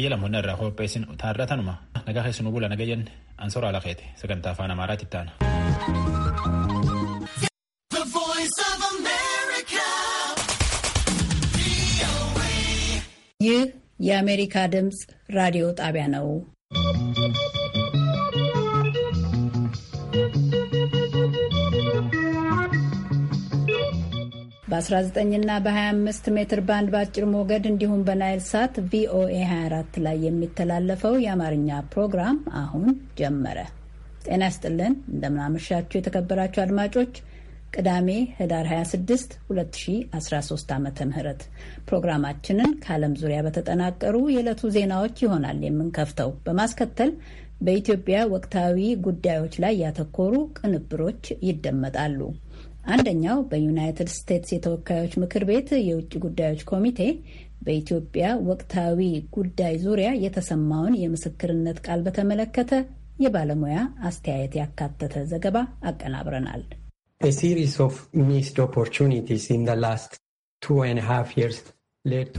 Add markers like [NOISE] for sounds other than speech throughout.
Xiyya lammoonni irraa qopheessin taarratanuma nagaa keessumaa bula naga jenne ansoora ala keete sagantaa afaan amaaraatti itti ይህ የአሜሪካ ድምፅ ራዲዮ ጣቢያ ነው። በ19ና በ25 ሜትር ባንድ በአጭር ሞገድ እንዲሁም በናይል ሳት ቪኦኤ 24 ላይ የሚተላለፈው የአማርኛ ፕሮግራም አሁን ጀመረ። ጤና ይስጥልን፣ እንደምናመሻችሁ የተከበራችሁ አድማጮች። ቅዳሜ ህዳር 26 2013 ዓ ም ፕሮግራማችንን ከዓለም ዙሪያ በተጠናቀሩ የዕለቱ ዜናዎች ይሆናል የምንከፍተው። በማስከተል በኢትዮጵያ ወቅታዊ ጉዳዮች ላይ ያተኮሩ ቅንብሮች ይደመጣሉ። አንደኛው በዩናይትድ ስቴትስ የተወካዮች ምክር ቤት የውጭ ጉዳዮች ኮሚቴ በኢትዮጵያ ወቅታዊ ጉዳይ ዙሪያ የተሰማውን የምስክርነት ቃል በተመለከተ የባለሙያ አስተያየት ያካተተ ዘገባ አቀናብረናል። ሲሪስ ኦፍ ሚስድ ኦፖርቹኒቲስ opportunities ላስት the last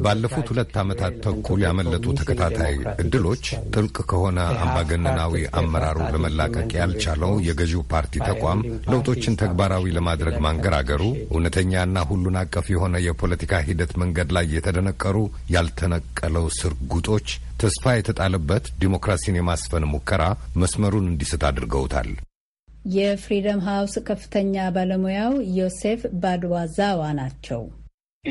ባለፉት ሁለት ዓመታት ተኩል ያመለጡ ተከታታይ እድሎች ጥልቅ ከሆነ አምባገነናዊ አመራሩ ለመላቀቅ ያልቻለው የገዢው ፓርቲ ተቋም ለውጦችን ተግባራዊ ለማድረግ ማንገራገሩ እውነተኛና ሁሉን አቀፍ የሆነ የፖለቲካ ሂደት መንገድ ላይ የተደነቀሩ ያልተነቀለው ስርጉጦች ተስፋ የተጣለበት ዲሞክራሲን የማስፈን ሙከራ መስመሩን እንዲስት አድርገውታል። የፍሪደም ሃውስ ከፍተኛ ባለሙያው ዮሴፍ ባድዋዛዋ ናቸው።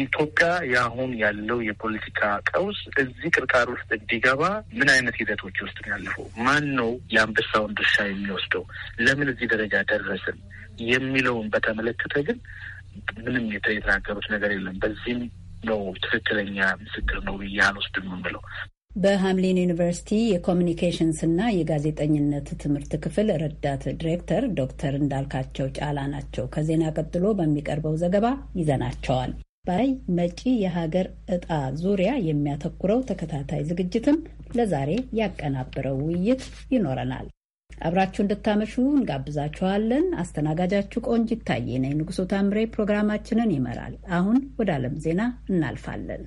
ኢትዮጵያ የአሁን ያለው የፖለቲካ ቀውስ እዚህ ቅርቃር ውስጥ እንዲገባ ምን አይነት ሂደቶች ውስጥ ነው ያለፈው? ማን ነው የአንበሳውን ድርሻ የሚወስደው? ለምን እዚህ ደረጃ ደረስን? የሚለውን በተመለከተ ግን ምንም የተናገሩት ነገር የለም። በዚህም ነው ትክክለኛ ምስክር ነው ብዬ አልወስድም የምለው። በሃምሊን ዩኒቨርሲቲ የኮሚኒኬሽንስ እና የጋዜጠኝነት ትምህርት ክፍል ረዳት ዲሬክተር ዶክተር እንዳልካቸው ጫላ ናቸው። ከዜና ቀጥሎ በሚቀርበው ዘገባ ይዘናቸዋል። ባይ መጪ የሀገር እጣ ዙሪያ የሚያተኩረው ተከታታይ ዝግጅትም ለዛሬ ያቀናበረው ውይይት ይኖረናል። አብራችሁ እንድታመሹ እንጋብዛችኋለን። አስተናጋጃችሁ ቆንጅ ይታየ ነኝ። ንጉሶ ታምሬ ፕሮግራማችንን ይመራል። አሁን ወደ ዓለም ዜና እናልፋለን።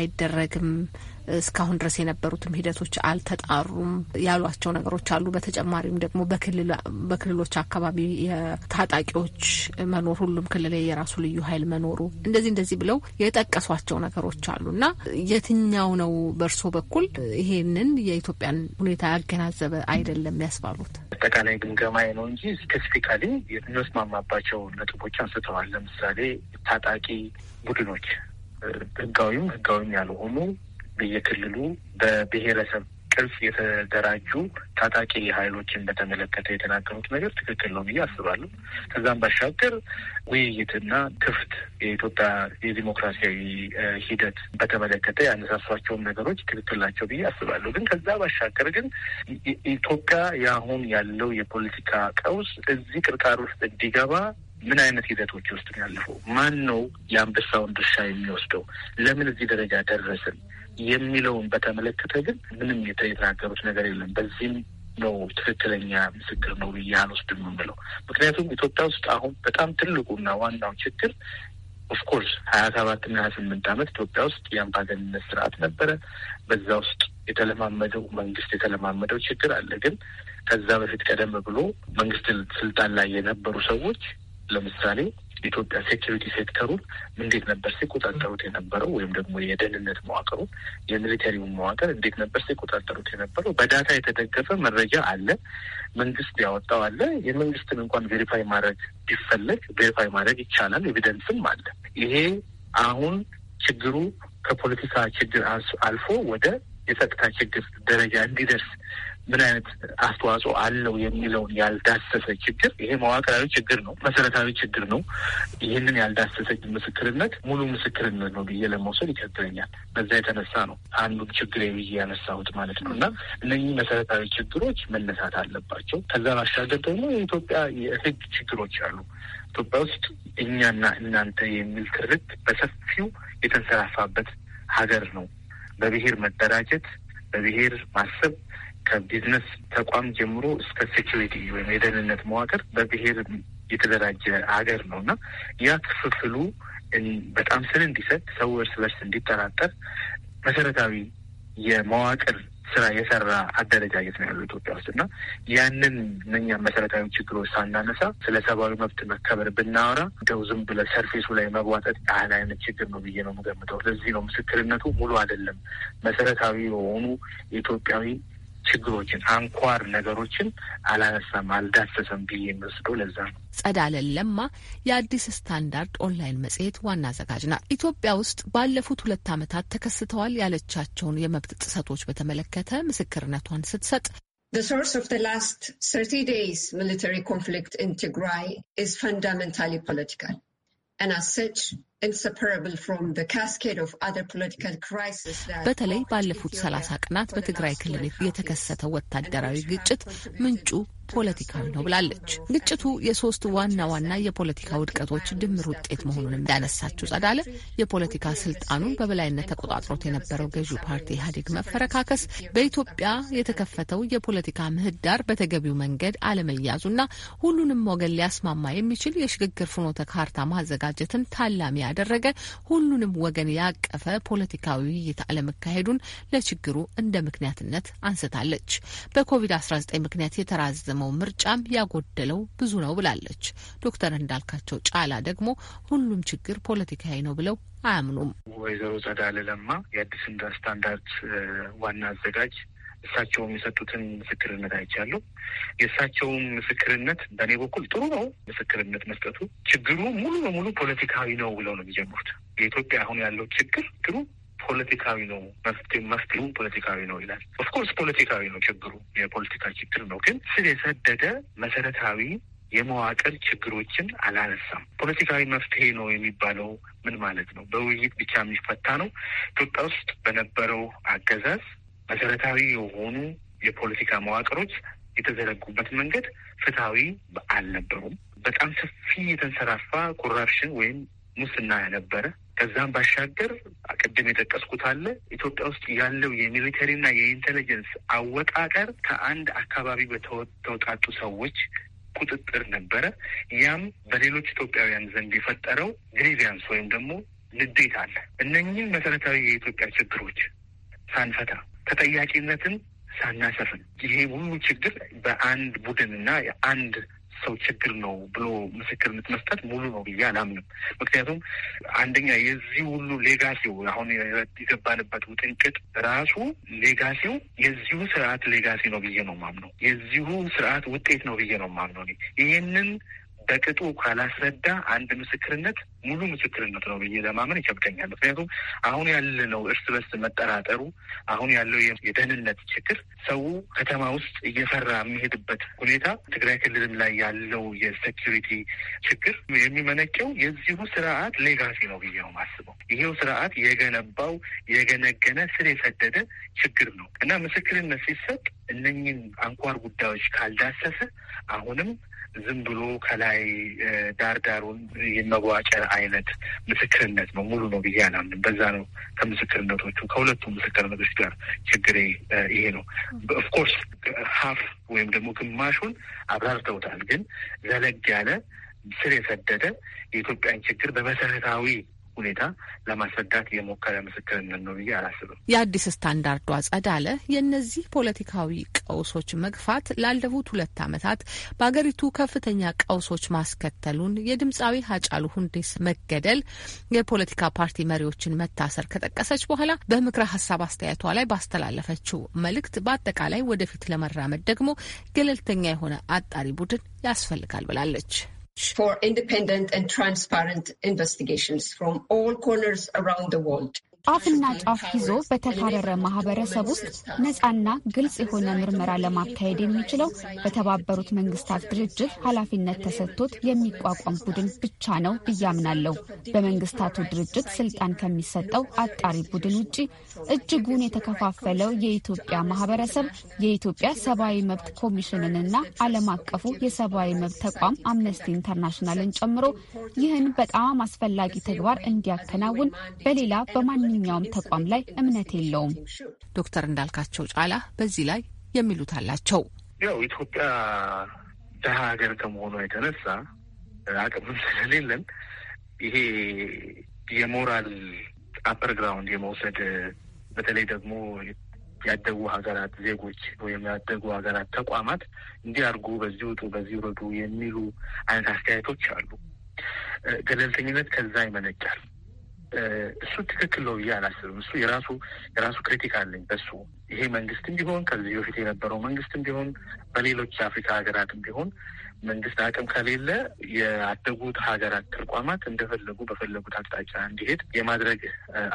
አይደረግም፣ እስካሁን ድረስ የነበሩትም ሂደቶች አልተጣሩም ያሏቸው ነገሮች አሉ። በተጨማሪም ደግሞ በክልሎች አካባቢ የታጣቂዎች መኖር፣ ሁሉም ክልል የራሱ ልዩ ኃይል መኖሩ እንደዚህ እንደዚህ ብለው የጠቀሷቸው ነገሮች አሉ እና የትኛው ነው በእርሶ በኩል ይሄንን የኢትዮጵያን ሁኔታ ያገናዘበ አይደለም ያስባሉት? አጠቃላይ ግምገማዬ ነው እንጂ ስፔሲፊካሊ የምንስማማባቸው ነጥቦች አንስተዋል። ለምሳሌ ታጣቂ ቡድኖች ህጋዊም ህጋዊም ያልሆኑ በየክልሉ በብሔረሰብ ቅርጽ የተደራጁ ታጣቂ ኃይሎችን በተመለከተ የተናገሩት ነገር ትክክል ነው ብዬ አስባለሁ። ከዛም ባሻገር ውይይትና ክፍት የኢትዮጵያ የዲሞክራሲያዊ ሂደት በተመለከተ ያነሳሷቸውን ነገሮች ትክክል ናቸው ብዬ አስባለሁ። ግን ከዛ ባሻገር ግን ኢትዮጵያ የአሁን ያለው የፖለቲካ ቀውስ እዚህ ቅርቃር ውስጥ እንዲገባ ምን አይነት ሂደቶች ውስጥ ነው ያለፈው? ማን ነው የአንበሳውን ድርሻ የሚወስደው? ለምን እዚህ ደረጃ ደረስን? የሚለውን በተመለከተ ግን ምንም የተናገሩት ነገር የለም። በዚህም ነው ትክክለኛ ምስክር ነው ብዬ አልወስድም የምለው። ምክንያቱም ኢትዮጵያ ውስጥ አሁን በጣም ትልቁና ዋናው ችግር ኦፍኮርስ ሀያ ሰባትና ሀያ ስምንት ዓመት ኢትዮጵያ ውስጥ የአምባገንነት ስርዓት ነበረ። በዛ ውስጥ የተለማመደው መንግስት የተለማመደው ችግር አለ። ግን ከዛ በፊት ቀደም ብሎ መንግስት ስልጣን ላይ የነበሩ ሰዎች ለምሳሌ ኢትዮጵያ ሴኪሪቲ ሴክተሩን እንዴት ነበር ሲቆጣጠሩት የነበረው ወይም ደግሞ የደህንነት መዋቅሩ የሚሊተሪውን መዋቅር እንዴት ነበር ሲቆጣጠሩት የነበረው? በዳታ የተደገፈ መረጃ አለ፣ መንግስት ያወጣው አለ። የመንግስትን እንኳን ቬሪፋይ ማድረግ ቢፈለግ ቬሪፋይ ማድረግ ይቻላል፣ ኤቪደንስም አለ። ይሄ አሁን ችግሩ ከፖለቲካ ችግር አልፎ ወደ የጸጥታ ችግር ደረጃ እንዲደርስ ምን አይነት አስተዋጽኦ አለው የሚለውን ያልዳሰሰ ችግር ይሄ መዋቅራዊ ችግር ነው፣ መሰረታዊ ችግር ነው። ይህንን ያልዳሰሰ ምስክርነት ሙሉ ምስክርነት ነው ብዬ ለመውሰድ ይከብደኛል። በዛ የተነሳ ነው አንዱን ችግር ብዬ ያነሳሁት ማለት ነው። እና እነኚህ መሰረታዊ ችግሮች መነሳት አለባቸው። ከዛ ባሻገር ደግሞ የኢትዮጵያ የህግ ችግሮች አሉ። ኢትዮጵያ ውስጥ እኛና እናንተ የሚል ትርክ በሰፊው የተንሰራፋበት ሀገር ነው። በብሔር መደራጀት፣ በብሔር ማሰብ ከቢዝነስ ተቋም ጀምሮ እስከ ሴኪሪቲ ወይም የደህንነት መዋቅር በብሔር የተደራጀ ሀገር ነው እና ያ ክፍፍሉ በጣም ስር እንዲሰጥ፣ ሰው እርስ በርስ እንዲጠራጠር መሰረታዊ የመዋቅር ስራ የሰራ አደረጃጀት ነው ያለው ኢትዮጵያ ውስጥ እና ያንን እነኛ መሰረታዊ ችግሮች ሳናነሳ ስለ ሰብአዊ መብት መከበር ብናወራ እንደው ዝም ብለ ሰርፌሱ ላይ መዋጠጥ ያህል አይነት ችግር ነው ብዬ ነው የምገምተው። ለዚህ ነው ምስክርነቱ ሙሉ አይደለም። መሰረታዊ የሆኑ ኢትዮጵያዊ ችግሮችን አንኳር ነገሮችን አላነሳም፣ አልዳሰሰም ብዬ የሚወስደው ለዛ ነው። ጸዳለን ለማ የአዲስ ስታንዳርድ ኦንላይን መጽሔት ዋና አዘጋጅ ናት። ኢትዮጵያ ውስጥ ባለፉት ሁለት ዓመታት ተከስተዋል ያለቻቸውን የመብት ጥሰቶች በተመለከተ ምስክርነቷን ስትሰጥ The source of the last 30 days military conflict in Tigray is fundamentally political. በተለይ ባለፉት ሰላሳ ቀናት በትግራይ ክልል የተከሰተው ወታደራዊ ግጭት ምንጩ ፖለቲካዊ ነው ብላለች። ግጭቱ የሶስት ዋና ዋና የፖለቲካ ውድቀቶች ድምር ውጤት መሆኑን እንዳነሳችው ጸዳለ የፖለቲካ ስልጣኑን በበላይነት ተቆጣጥሮት የነበረው ገዢው ፓርቲ ኢህአዴግ መፈረካከስ፣ በኢትዮጵያ የተከፈተው የፖለቲካ ምህዳር በተገቢው መንገድ አለመያዙና ሁሉንም ወገን ሊያስማማ የሚችል የሽግግር ፍኖተ ካርታ ማዘጋጀትን ታላሚ ያደረገ ሁሉንም ወገን ያቀፈ ፖለቲካዊ ውይይት አለመካሄዱን ለችግሩ እንደ ምክንያትነት አንስታለች። በኮቪድ-19 ምክንያት የተራዘ የተፈጸመው ምርጫም ያጎደለው ብዙ ነው ብላለች። ዶክተር እንዳልካቸው ጫላ ደግሞ ሁሉም ችግር ፖለቲካዊ ነው ብለው አያምኑም። ወይዘሮ ጸዳለ ለማ የአዲስ ስታንዳርድ ዋና አዘጋጅ እሳቸውም የሰጡትን ምስክርነት አይቻሉ። የእሳቸውም ምስክርነት በእኔ በኩል ጥሩ ነው። ምስክርነት መስጠቱ ችግሩ ሙሉ በሙሉ ፖለቲካዊ ነው ብለው ነው የሚጀምሩት። የኢትዮጵያ አሁን ያለው ችግር ችግሩ ፖለቲካዊ ነው መፍትሄውም ፖለቲካዊ ነው ይላል። ኦፍኮርስ ፖለቲካዊ ነው ችግሩ፣ የፖለቲካ ችግር ነው። ግን ስር የሰደደ መሰረታዊ የመዋቅር ችግሮችን አላነሳም። ፖለቲካዊ መፍትሄ ነው የሚባለው ምን ማለት ነው? በውይይት ብቻ የሚፈታ ነው? ኢትዮጵያ ውስጥ በነበረው አገዛዝ መሰረታዊ የሆኑ የፖለቲካ መዋቅሮች የተዘረጉበት መንገድ ፍትሐዊ አልነበሩም። በጣም ሰፊ የተንሰራፋ ኮራፕሽን ወይም ሙስና ነበረ። ከዛም ባሻገር ቅድም የጠቀስኩት አለ ኢትዮጵያ ውስጥ ያለው የሚሊተሪና የኢንቴሊጀንስ አወቃቀር ከአንድ አካባቢ በተወጣጡ ሰዎች ቁጥጥር ነበረ። ያም በሌሎች ኢትዮጵያውያን ዘንድ የፈጠረው ግሪቪያንስ ወይም ደግሞ ንዴት አለ። እነኚህን መሰረታዊ የኢትዮጵያ ችግሮች ሳንፈታ ተጠያቂነትን ሳናሰፍን ይሄ ሁሉ ችግር በአንድ ቡድንና የአንድ ሰው ችግር ነው ብሎ ምስክርነት መስጠት ሙሉ ነው ብዬ አላምንም። ምክንያቱም አንደኛ የዚህ ሁሉ ሌጋሲው አሁን የገባንበት ውጥንቅጥ ራሱ ሌጋሲው የዚሁ ስርዓት ሌጋሲ ነው ብዬ ነው ማምነው። የዚሁ ስርዓት ውጤት ነው ብዬ ነው ማምነው። ይህንን በቅጡ ካላስረዳ አንድ ምስክርነት ሙሉ ምስክርነት ነው ብዬ ለማመን ይከብደኛል። ምክንያቱም አሁን ያለነው እርስ በርስ መጠራጠሩ፣ አሁን ያለው የደህንነት ችግር ሰው ከተማ ውስጥ እየፈራ የሚሄድበት ሁኔታ፣ ትግራይ ክልልም ላይ ያለው የሴኪሪቲ ችግር የሚመነጨው የዚሁ ስርዓት ሌጋሲ ነው ብዬ ነው ማስበው። ይሄው ስርዓት የገነባው የገነገነ ስር የሰደደ ችግር ነው እና ምስክርነት ሲሰጥ እነኝን አንኳር ጉዳዮች ካልዳሰሰ አሁንም ዝም ብሎ ከላይ ዳር ዳሩን የመዋጨር አይነት ምስክርነት ነው ሙሉ ነው ብዬ አላምንም። በዛ ነው ከምስክርነቶቹ ከሁለቱ ምስክርነቶች ጋር ችግሬ ይሄ ነው። ኦፍኮርስ ሀፍ ወይም ደግሞ ግማሹን አብራርተውታል። ግን ዘለግ ያለ ስር የሰደደ የኢትዮጵያን ችግር በመሰረታዊ ሁኔታ ለማስረዳት የሞከረ ምስክርነት ነው ብዬ አላስብም። የአዲስ ስታንዳርዱ ጸዳለ የእነዚህ ፖለቲካዊ ቀውሶች መግፋት ላለፉት ሁለት ዓመታት በአገሪቱ ከፍተኛ ቀውሶች ማስከተሉን፣ የድምፃዊ ሀጫሉ ሁንዴስ መገደል፣ የፖለቲካ ፓርቲ መሪዎችን መታሰር ከጠቀሰች በኋላ በምክረ ሀሳብ አስተያየቷ ላይ ባስተላለፈችው መልእክት በአጠቃላይ ወደፊት ለመራመድ ደግሞ ገለልተኛ የሆነ አጣሪ ቡድን ያስፈልጋል ብላለች። for independent and transparent investigations from all corners around the world. አፍና ጫፍ ይዞ በተካረረ ማህበረሰብ ውስጥ ነፃና ግልጽ የሆነ ምርመራ ለማካሄድ የሚችለው በተባበሩት መንግስታት ድርጅት ኃላፊነት ተሰጥቶት የሚቋቋም ቡድን ብቻ ነው አምናለሁ። በመንግስታቱ ድርጅት ስልጣን ከሚሰጠው አጣሪ ቡድን ውጪ እጅጉን የተከፋፈለው የኢትዮጵያ ማህበረሰብ የኢትዮጵያ ሰብአዊ መብት ኮሚሽንንና ዓለም አቀፉ የሰብአዊ መብት ተቋም አምነስቲ ኢንተርናሽናልን ጨምሮ ይህን በጣም አስፈላጊ ተግባር እንዲያከናውን በሌላ በማን በማንኛውም ተቋም ላይ እምነት የለውም። ዶክተር እንዳልካቸው ጫላ በዚህ ላይ የሚሉት አላቸው። ያው ኢትዮጵያ ድሀ ሀገር ከመሆኗ የተነሳ አቅምም ስለሌለን ይሄ የሞራል አፐር ግራውንድ የመውሰድ በተለይ ደግሞ ያደጉ ሀገራት ዜጎች ወይም ያደጉ ሀገራት ተቋማት እንዲህ አድርጉ፣ በዚህ ውጡ፣ በዚህ ውረዱ የሚሉ አይነት አስተያየቶች አሉ። ገለልተኝነት ከዛ ይመነጫል። እሱ ትክክል ነው ብዬ አላስብም። እሱ የራሱ የራሱ ክሪቲክ አለኝ በሱ ይሄ መንግስትም ቢሆን ከዚህ በፊት የነበረው መንግስትም ቢሆን በሌሎች የአፍሪካ ሀገራትም ቢሆን መንግስት አቅም ከሌለ የአደጉት ሀገራት ተቋማት እንደፈለጉ በፈለጉት አቅጣጫ እንዲሄድ የማድረግ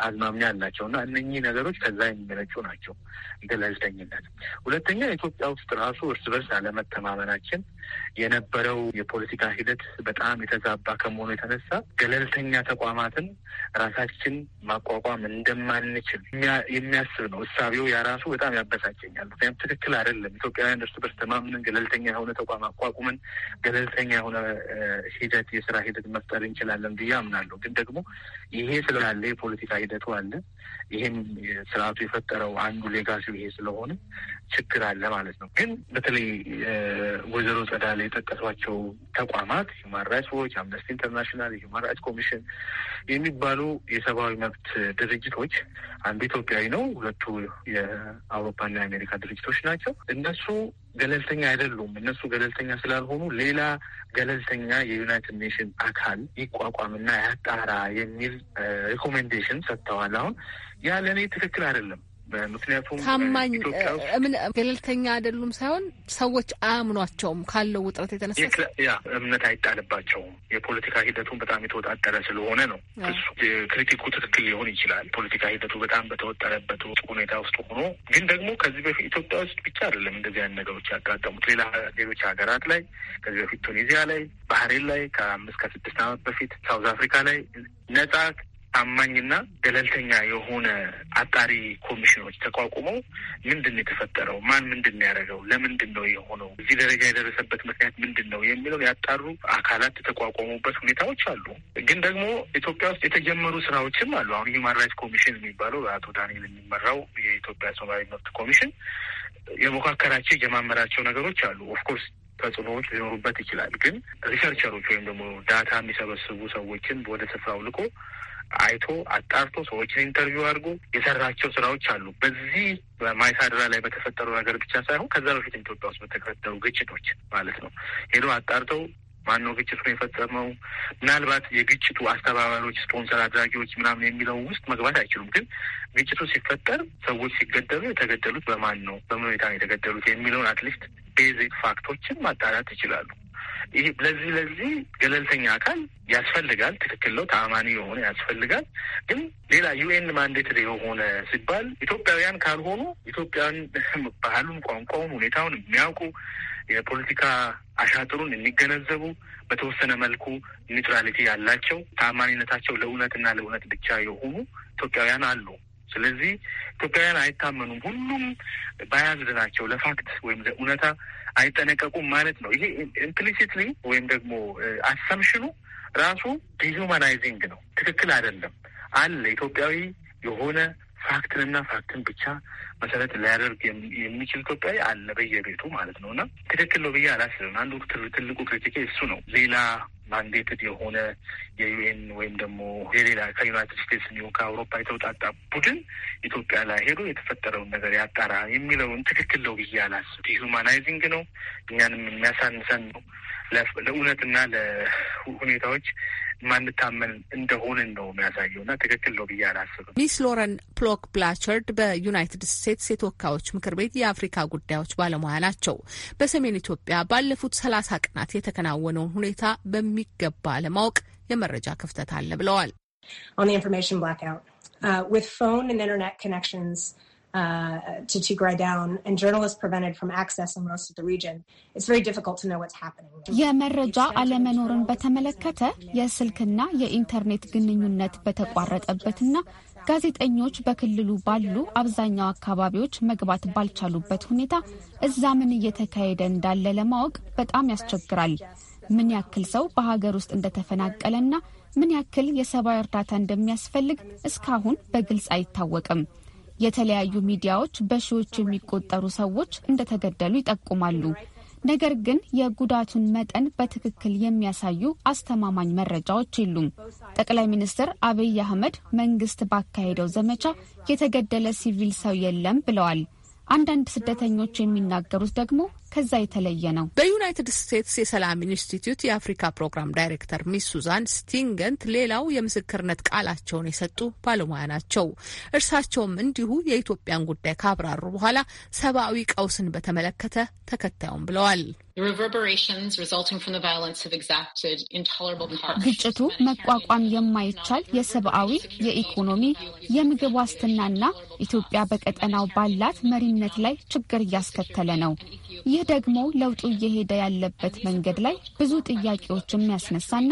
አዝማሚያ አላቸው እና እነኚህ ነገሮች ከዛ የሚመነጩ ናቸው። ገለልተኝነት። ሁለተኛ ኢትዮጵያ ውስጥ ራሱ እርስ በርስ አለመተማመናችን የነበረው የፖለቲካ ሂደት በጣም የተዛባ ከመሆኑ የተነሳ ገለልተኛ ተቋማትን ራሳችን ማቋቋም እንደማንችል የሚያስብ ነው እሳቤው። ያራሱ በጣም ያበሳጨኛል። ምክንያቱም ትክክል አይደለም። ኢትዮጵያውያን እርስ በርስ ተማምነን ገለልተኛ የሆነ ተቋም አቋቁመን ገለልተኛ የሆነ ሂደት የስራ ሂደት መፍጠር እንችላለን ብዬ አምናለሁ። ግን ደግሞ ይሄ ስላለ የፖለቲካ ሂደቱ አለ። ይህም ስርዓቱ የፈጠረው አንዱ ሌጋሲው ይሄ ስለሆነ ችግር አለ ማለት ነው። ግን በተለይ ወይዘሮ ጸዳለ የጠቀሷቸው ተቋማት ሂውማን ራይትስ ዎች፣ አምነስቲ ኢንተርናሽናል፣ ሂውማን ራይትስ ኮሚሽን የሚባሉ የሰብአዊ መብት ድርጅቶች አንዱ ኢትዮጵያዊ ነው፣ ሁለቱ የአውሮፓና የአሜሪካ ድርጅቶች ናቸው። እነሱ ገለልተኛ አይደሉም። እነሱ ገለልተኛ ስላልሆኑ ሌላ ገለልተኛ የዩናይትድ ኔሽን አካል ይቋቋምና ያጣራ የሚል ሪኮሜንዴሽን ሰጥተዋል። አሁን ያ ለእኔ ትክክል አይደለም። ምክንያቱም ታማኝ ገለልተኛ አይደሉም ሳይሆን ሰዎች አያምኗቸውም ካለው ውጥረት የተነሳ ያ እምነት አይጣልባቸውም። የፖለቲካ ሂደቱን በጣም የተወጣጠረ ስለሆነ ነው። እሱ ክሪቲኩ ትክክል ሊሆን ይችላል። ፖለቲካ ሂደቱ በጣም በተወጠረበት ሁኔታ ውስጥ ሆኖ ግን ደግሞ ከዚህ በፊት ኢትዮጵያ ውስጥ ብቻ አይደለም እንደዚህ አይነት ነገሮች ያጋጠሙት ሌላ ሌሎች ሀገራት ላይ ከዚህ በፊት ቱኒዚያ ላይ፣ ባህሬን ላይ ከአምስት ከስድስት ዓመት በፊት ሳውዝ አፍሪካ ላይ ነጻ ታማኝና ገለልተኛ የሆነ አጣሪ ኮሚሽኖች ተቋቁመው ምንድን ነው የተፈጠረው፣ ማን ምንድን ነው ያደረገው፣ ለምንድን ነው የሆነው፣ እዚህ ደረጃ የደረሰበት ምክንያት ምንድን ነው የሚለው ያጣሩ አካላት የተቋቋሙበት ሁኔታዎች አሉ። ግን ደግሞ ኢትዮጵያ ውስጥ የተጀመሩ ስራዎችም አሉ። አሁን ሁማን ራይትስ ኮሚሽን የሚባለው በአቶ ዳንኤል የሚመራው የኢትዮጵያ ሰብአዊ መብት ኮሚሽን የሞካከራቸው የጀማመራቸው ነገሮች አሉ ኦፍኮርስ ተጽዕኖዎች ሊኖሩበት ይችላል። ግን ሪሰርቸሮች ወይም ደግሞ ዳታ የሚሰበስቡ ሰዎችን ወደ ስፍራው ልኮ አይቶ አጣርቶ ሰዎችን ኢንተርቪው አድርጎ የሰራቸው ስራዎች አሉ። በዚህ በማይሳድራ ላይ በተፈጠሩ ነገር ብቻ ሳይሆን ከዛ በፊት ኢትዮጵያ ውስጥ በተፈጠሩ ግጭቶች ማለት ነው ሄዶ አጣርተው ማነው ግጭቱን የፈጸመው? ምናልባት የግጭቱ አስተባባሪዎች፣ ስፖንሰር አድራጊዎች ምናምን የሚለው ውስጥ መግባት አይችሉም። ግን ግጭቱ ሲፈጠር ሰዎች ሲገደሉ የተገደሉት በማን ነው፣ በምን ሁኔታ ነው የተገደሉት የሚለውን አትሊስት ቤዚክ ፋክቶችን ማጣራት ይችላሉ። ይህ ለዚህ ለዚህ ገለልተኛ አካል ያስፈልጋል። ትክክል ነው። ተአማኒ የሆነ ያስፈልጋል። ግን ሌላ ዩኤን ማንዴትድ የሆነ ሲባል ኢትዮጵያውያን ካልሆኑ ኢትዮጵያን [LAUGHS] ባህሉን፣ ቋንቋውን፣ ሁኔታውን የሚያውቁ የፖለቲካ አሻጥሩን የሚገነዘቡ በተወሰነ መልኩ ኒውትራሊቲ ያላቸው ተአማኒነታቸው ለእውነትና ለእውነት ብቻ የሆኑ ኢትዮጵያውያን አሉ። ስለዚህ ኢትዮጵያውያን አይታመኑም። ሁሉም ባያዝድ ናቸው። ለፋክት ወይም ለእውነታ አይጠነቀቁም ማለት ነው። ይሄ ኢምፕሊሲትሊ ወይም ደግሞ አሰምሽኑ ራሱ ዲሁማናይዚንግ ነው። ትክክል አይደለም። አለ ኢትዮጵያዊ የሆነ ፋክትንና ፋክትን ብቻ መሰረት ሊያደርግ የሚችል ኢትዮጵያዊ አለ በየቤቱ ማለት ነው። እና ትክክል ነው ብዬ አላስብም። አንዱ ትልቁ ክሪቲኬ እሱ ነው። ሌላ ማንዴትድ የሆነ የዩኤን ወይም ደግሞ የሌላ ከዩናይትድ ስቴትስ እንዲሁም ከአውሮፓ የተውጣጣ ቡድን ኢትዮጵያ ላይ ሄዶ የተፈጠረውን ነገር ያጣራ የሚለውን ትክክል ነው ብዬ አላስብም። ዲሁማናይዚንግ ነው፣ እኛንም የሚያሳንሰን ነው። ለእውነትና ለሁኔታዎች ማንታመን እንደሆንን ነው የሚያሳየው እና ትክክል ነው ብዬ አላስብም። ሚስ ሎረን ፕሎክ ብላቸርድ በዩናይትድ ስቴትስ የተወካዮች ምክር ቤት የአፍሪካ ጉዳዮች ባለሙያ ናቸው። በሰሜን ኢትዮጵያ ባለፉት ሰላሳ ቀናት የተከናወነውን ሁኔታ በሚገባ ለማወቅ የመረጃ ክፍተት አለ ብለዋል። uh, to Tigray down and journalists prevented from accessing most of the region, it's very difficult to know what's happening. የመረጃ አለመኖርን በተመለከተ የስልክና የኢንተርኔት ግንኙነት በተቋረጠበትና ጋዜጠኞች በክልሉ ባሉ አብዛኛው አካባቢዎች መግባት ባልቻሉበት ሁኔታ እዛ ምን እየተካሄደ እንዳለ ለማወቅ በጣም ያስቸግራል። ምን ያክል ሰው በሀገር ውስጥ እንደተፈናቀለና ምን ያክል የሰብአዊ እርዳታ እንደሚያስፈልግ እስካሁን በግልጽ አይታወቅም። የተለያዩ ሚዲያዎች በሺዎች የሚቆጠሩ ሰዎች እንደተገደሉ ይጠቁማሉ። ነገር ግን የጉዳቱን መጠን በትክክል የሚያሳዩ አስተማማኝ መረጃዎች የሉም። ጠቅላይ ሚኒስትር አብይ አህመድ መንግስት ባካሄደው ዘመቻ የተገደለ ሲቪል ሰው የለም ብለዋል። አንዳንድ ስደተኞች የሚናገሩት ደግሞ ከዛ የተለየ ነው። በዩናይትድ ስቴትስ የሰላም ኢንስቲትዩት የአፍሪካ ፕሮግራም ዳይሬክተር ሚስ ሱዛን ስቲንገንት ሌላው የምስክርነት ቃላቸውን የሰጡ ባለሙያ ናቸው። እርሳቸውም እንዲሁ የኢትዮጵያን ጉዳይ ካብራሩ በኋላ ሰብአዊ ቀውስን በተመለከተ ተከታዩም ብለዋል። ግጭቱ መቋቋም የማይቻል የሰብአዊ፣ የኢኮኖሚ፣ የምግብ ዋስትናና ኢትዮጵያ በቀጠናው ባላት መሪነት ላይ ችግር እያስከተለ ነው። ይህ ደግሞ ለውጡ እየሄደ ያለበት መንገድ ላይ ብዙ ጥያቄዎች የሚያስነሳና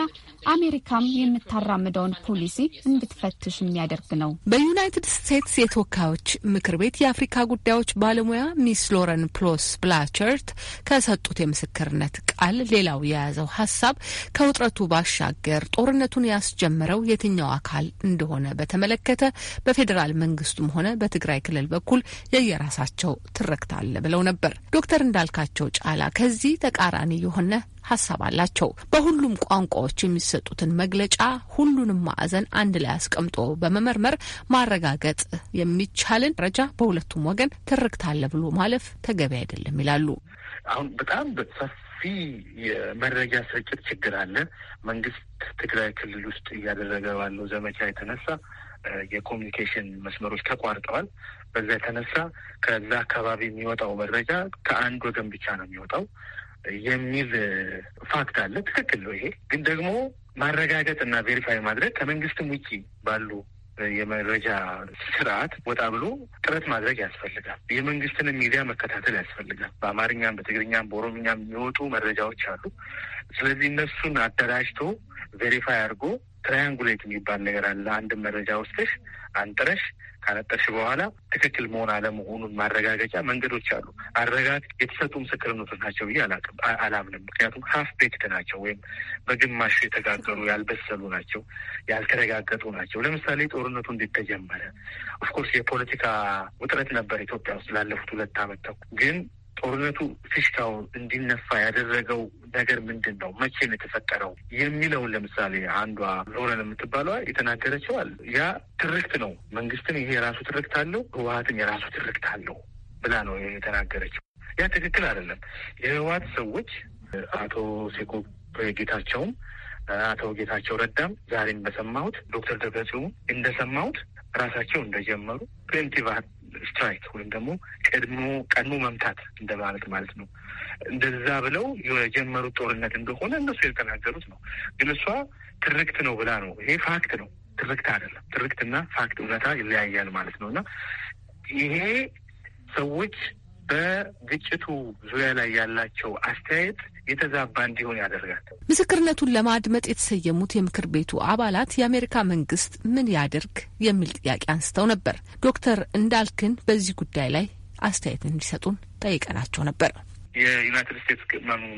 አሜሪካም የምታራምደውን ፖሊሲ እንድትፈትሽ የሚያደርግ ነው። በዩናይትድ ስቴትስ የተወካዮች ምክር ቤት የአፍሪካ ጉዳዮች ባለሙያ ሚስ ሎረን ፕሎስ ብላቸርት ከሰጡት ምስክርነት ቃል ሌላው የያዘው ሀሳብ ከውጥረቱ ባሻገር ጦርነቱን ያስጀመረው የትኛው አካል እንደሆነ በተመለከተ በፌዴራል መንግስቱም ሆነ በትግራይ ክልል በኩል የየራሳቸው ትርክት አለ ብለው ነበር። ዶክተር እንዳልካቸው ጫላ ከዚህ ተቃራኒ የሆነ ሀሳብ አላቸው። በሁሉም ቋንቋዎች የሚሰጡትን መግለጫ ሁሉንም ማዕዘን አንድ ላይ አስቀምጦ በመመርመር ማረጋገጥ የሚቻልን ደረጃ በሁለቱም ወገን ትርክት አለ ብሎ ማለፍ ተገቢ አይደለም ይላሉ። አሁን በጣም ሰፊ የመረጃ ስርጭት ችግር አለ። መንግስት ትግራይ ክልል ውስጥ እያደረገ ባለው ዘመቻ የተነሳ የኮሚኒኬሽን መስመሮች ተቋርጠዋል። በዛ የተነሳ ከዛ አካባቢ የሚወጣው መረጃ ከአንድ ወገን ብቻ ነው የሚወጣው የሚል ፋክት አለ። ትክክል ነው። ይሄ ግን ደግሞ ማረጋገጥ እና ቬሪፋይ ማድረግ ከመንግስትም ውጭ ባሉ የመረጃ ስርዓት ወጣ ብሎ ጥረት ማድረግ ያስፈልጋል። የመንግስትን ሚዲያ መከታተል ያስፈልጋል። በአማርኛም፣ በትግርኛም፣ በኦሮምኛም የሚወጡ መረጃዎች አሉ። ስለዚህ እነሱን አደራጅቶ ቬሪፋይ አድርጎ ትራያንጉሌት የሚባል ነገር አለ። አንድ መረጃ ውስጥሽ አንጥረሽ ካነጠርሽ በኋላ ትክክል መሆን አለመሆኑን ማረጋገጫ መንገዶች አሉ። አረጋግ የተሰጡ ምስክርነቶች ናቸው ብዬ አላምንም። ምክንያቱም ሀፍ ቤክት ናቸው ወይም በግማሽ የተጋገሩ ያልበሰሉ ናቸው፣ ያልተረጋገጡ ናቸው። ለምሳሌ ጦርነቱ እንዴት ተጀመረ? ኦፍኮርስ የፖለቲካ ውጥረት ነበር ኢትዮጵያ ውስጥ ላለፉት ሁለት ዓመት ተኩል ግን ጦርነቱ ፊሽካው እንዲነፋ ያደረገው ነገር ምንድን ነው? መቼ ነው የተፈጠረው? የሚለውን ለምሳሌ አንዷ ሎረን የምትባለዋ የተናገረችዋል። ያ ትርክት ነው። መንግስትን ይሄ የራሱ ትርክት አለው፣ ህወሀትን የራሱ ትርክት አለው ብላ ነው የተናገረችው። ያ ትክክል አይደለም። የህወሀት ሰዎች አቶ ሴኮ ጌታቸውም አቶ ጌታቸው ረዳም ዛሬም በሰማሁት ዶክተር ደብረጽዮን እንደሰማሁት ራሳቸው እንደጀመሩ ፕሪኤምፕቲቭ ስትራይክ ወይም ደግሞ ቀድሞ ቀድሞ መምታት እንደማለት ማለት ነው። እንደዛ ብለው የጀመሩት ጦርነት እንደሆነ እነሱ የተናገሩት ነው። ግን እሷ ትርክት ነው ብላ ነው። ይሄ ፋክት ነው፣ ትርክት አይደለም። ትርክትና ፋክት እውነታ ይለያያል ማለት ነው እና ይሄ ሰዎች በግጭቱ ዙሪያ ላይ ያላቸው አስተያየት የተዛባ እንዲሆን ያደርጋል። ምስክርነቱን ለማድመጥ የተሰየሙት የምክር ቤቱ አባላት የአሜሪካ መንግስት ምን ያደርግ የሚል ጥያቄ አንስተው ነበር። ዶክተር እንዳልክን በዚህ ጉዳይ ላይ አስተያየት እንዲሰጡን ጠይቀናቸው ነበር። የዩናይትድ ስቴትስ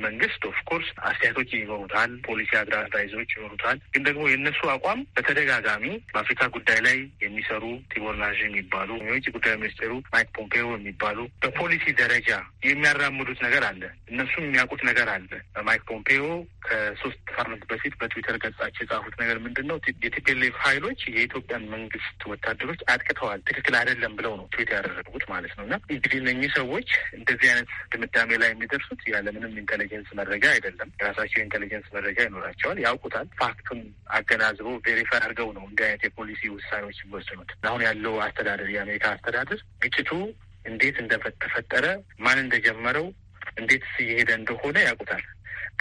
መንግስት ኦፍኮርስ አስተያየቶች ይኖሩታል፣ ፖሊሲ አድራ ይኖሩታል። ግን ደግሞ የእነሱ አቋም በተደጋጋሚ በአፍሪካ ጉዳይ ላይ የሚሰሩ ቲቦር ናዥ የሚባሉ የውጭ ጉዳይ ሚኒስቴሩ ማይክ ፖምፔዮ የሚባሉ በፖሊሲ ደረጃ የሚያራምዱት ነገር አለ። እነሱም የሚያውቁት ነገር አለ። ማይክ ፖምፔዮ ከሶስት ሳምንት በፊት በትዊተር ገጻቸው የጻፉት ነገር ምንድን ነው? የቲፒኤልኤፍ ኃይሎች የኢትዮጵያን መንግስት ወታደሮች አጥቅተዋል፣ ትክክል አይደለም ብለው ነው ትዊት ያደረጉት ማለት ነው። እና እንግዲህ እነኚህ ሰዎች እንደዚህ አይነት ድምዳሜ ላይ ላይ የሚደርሱት ያለምንም ኢንቴሊጀንስ መረጃ አይደለም። የራሳቸው ኢንቴሊጀንስ መረጃ ይኖራቸዋል፣ ያውቁታል። ፋክቱን አገናዝበው ቬሪፋይ አድርገው ነው እንዲህ አይነት የፖሊሲ ውሳኔዎች የሚወስኑት። አሁን ያለው አስተዳደር የአሜሪካ አስተዳደር ግጭቱ እንዴት እንደተፈጠረ፣ ማን እንደጀመረው፣ እንዴት እየሄደ እንደሆነ ያውቁታል።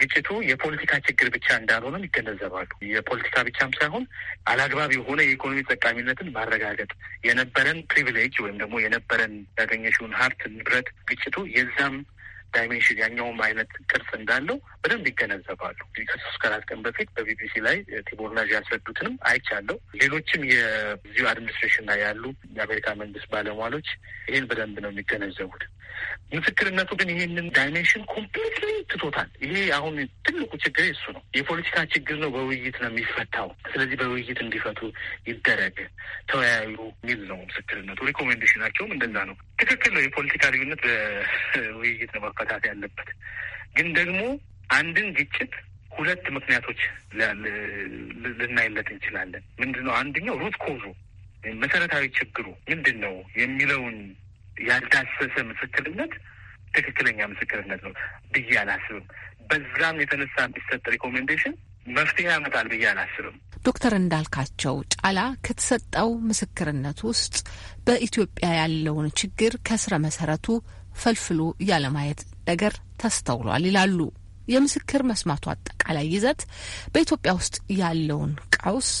ግጭቱ የፖለቲካ ችግር ብቻ እንዳልሆነም ይገነዘባሉ። የፖለቲካ ብቻም ሳይሆን አላግባብ የሆነ የኢኮኖሚ ጠቃሚነትን ማረጋገጥ የነበረን ፕሪቪሌጅ ወይም ደግሞ የነበረን ያገኘሽውን ሀብት ንብረት ግጭቱ የዛም ዳይሜንሽን ያኛውም አይነት ቅርጽ እንዳለው በደንብ ይገነዘባሉ። ከሶስት ከአራት ቀን በፊት በቢቢሲ ላይ ቲቦርናዥ ያስረዱትንም አይቻለሁ። ሌሎችም የዚሁ አድሚኒስትሬሽን ላይ ያሉ የአሜሪካ መንግስት ባለሟሎች ይህን በደንብ ነው የሚገነዘቡት። ምስክርነቱ ግን ይሄንን ዳይሜንሽን ኮምፕሊትሊ ትቶታል። ይሄ አሁን ትልቁ ችግር እሱ ነው። የፖለቲካ ችግር ነው፣ በውይይት ነው የሚፈታው። ስለዚህ በውይይት እንዲፈቱ ይደረግ፣ ተወያዩ የሚል ነው ምስክርነቱ። ሪኮሜንዴሽናቸውም እንደዛ ነው። ትክክል ነው። የፖለቲካ ልዩነት በውይይት ነው መፈታት ያለበት። ግን ደግሞ አንድን ግጭት ሁለት ምክንያቶች ልናይለት እንችላለን። ምንድነው? ነው አንደኛው ሩት ኮዙ መሰረታዊ ችግሩ ምንድን ነው የሚለውን ያልዳሰሰ ምስክርነት ትክክለኛ ምስክርነት ነው ብዬ አላስብም። በዛም የተነሳ የሚሰጥ ሪኮሜንዴሽን መፍትሄ ያመጣል ብዬ አላስብም። ዶክተር እንዳልካቸው ጫላ ከተሰጠው ምስክርነት ውስጥ በኢትዮጵያ ያለውን ችግር ከስረ መሰረቱ ፈልፍሎ ያለማየት ነገር ተስተውሏል ይላሉ። የምስክር መስማቱ አጠቃላይ ይዘት በኢትዮጵያ ውስጥ ያለውን ቀውስ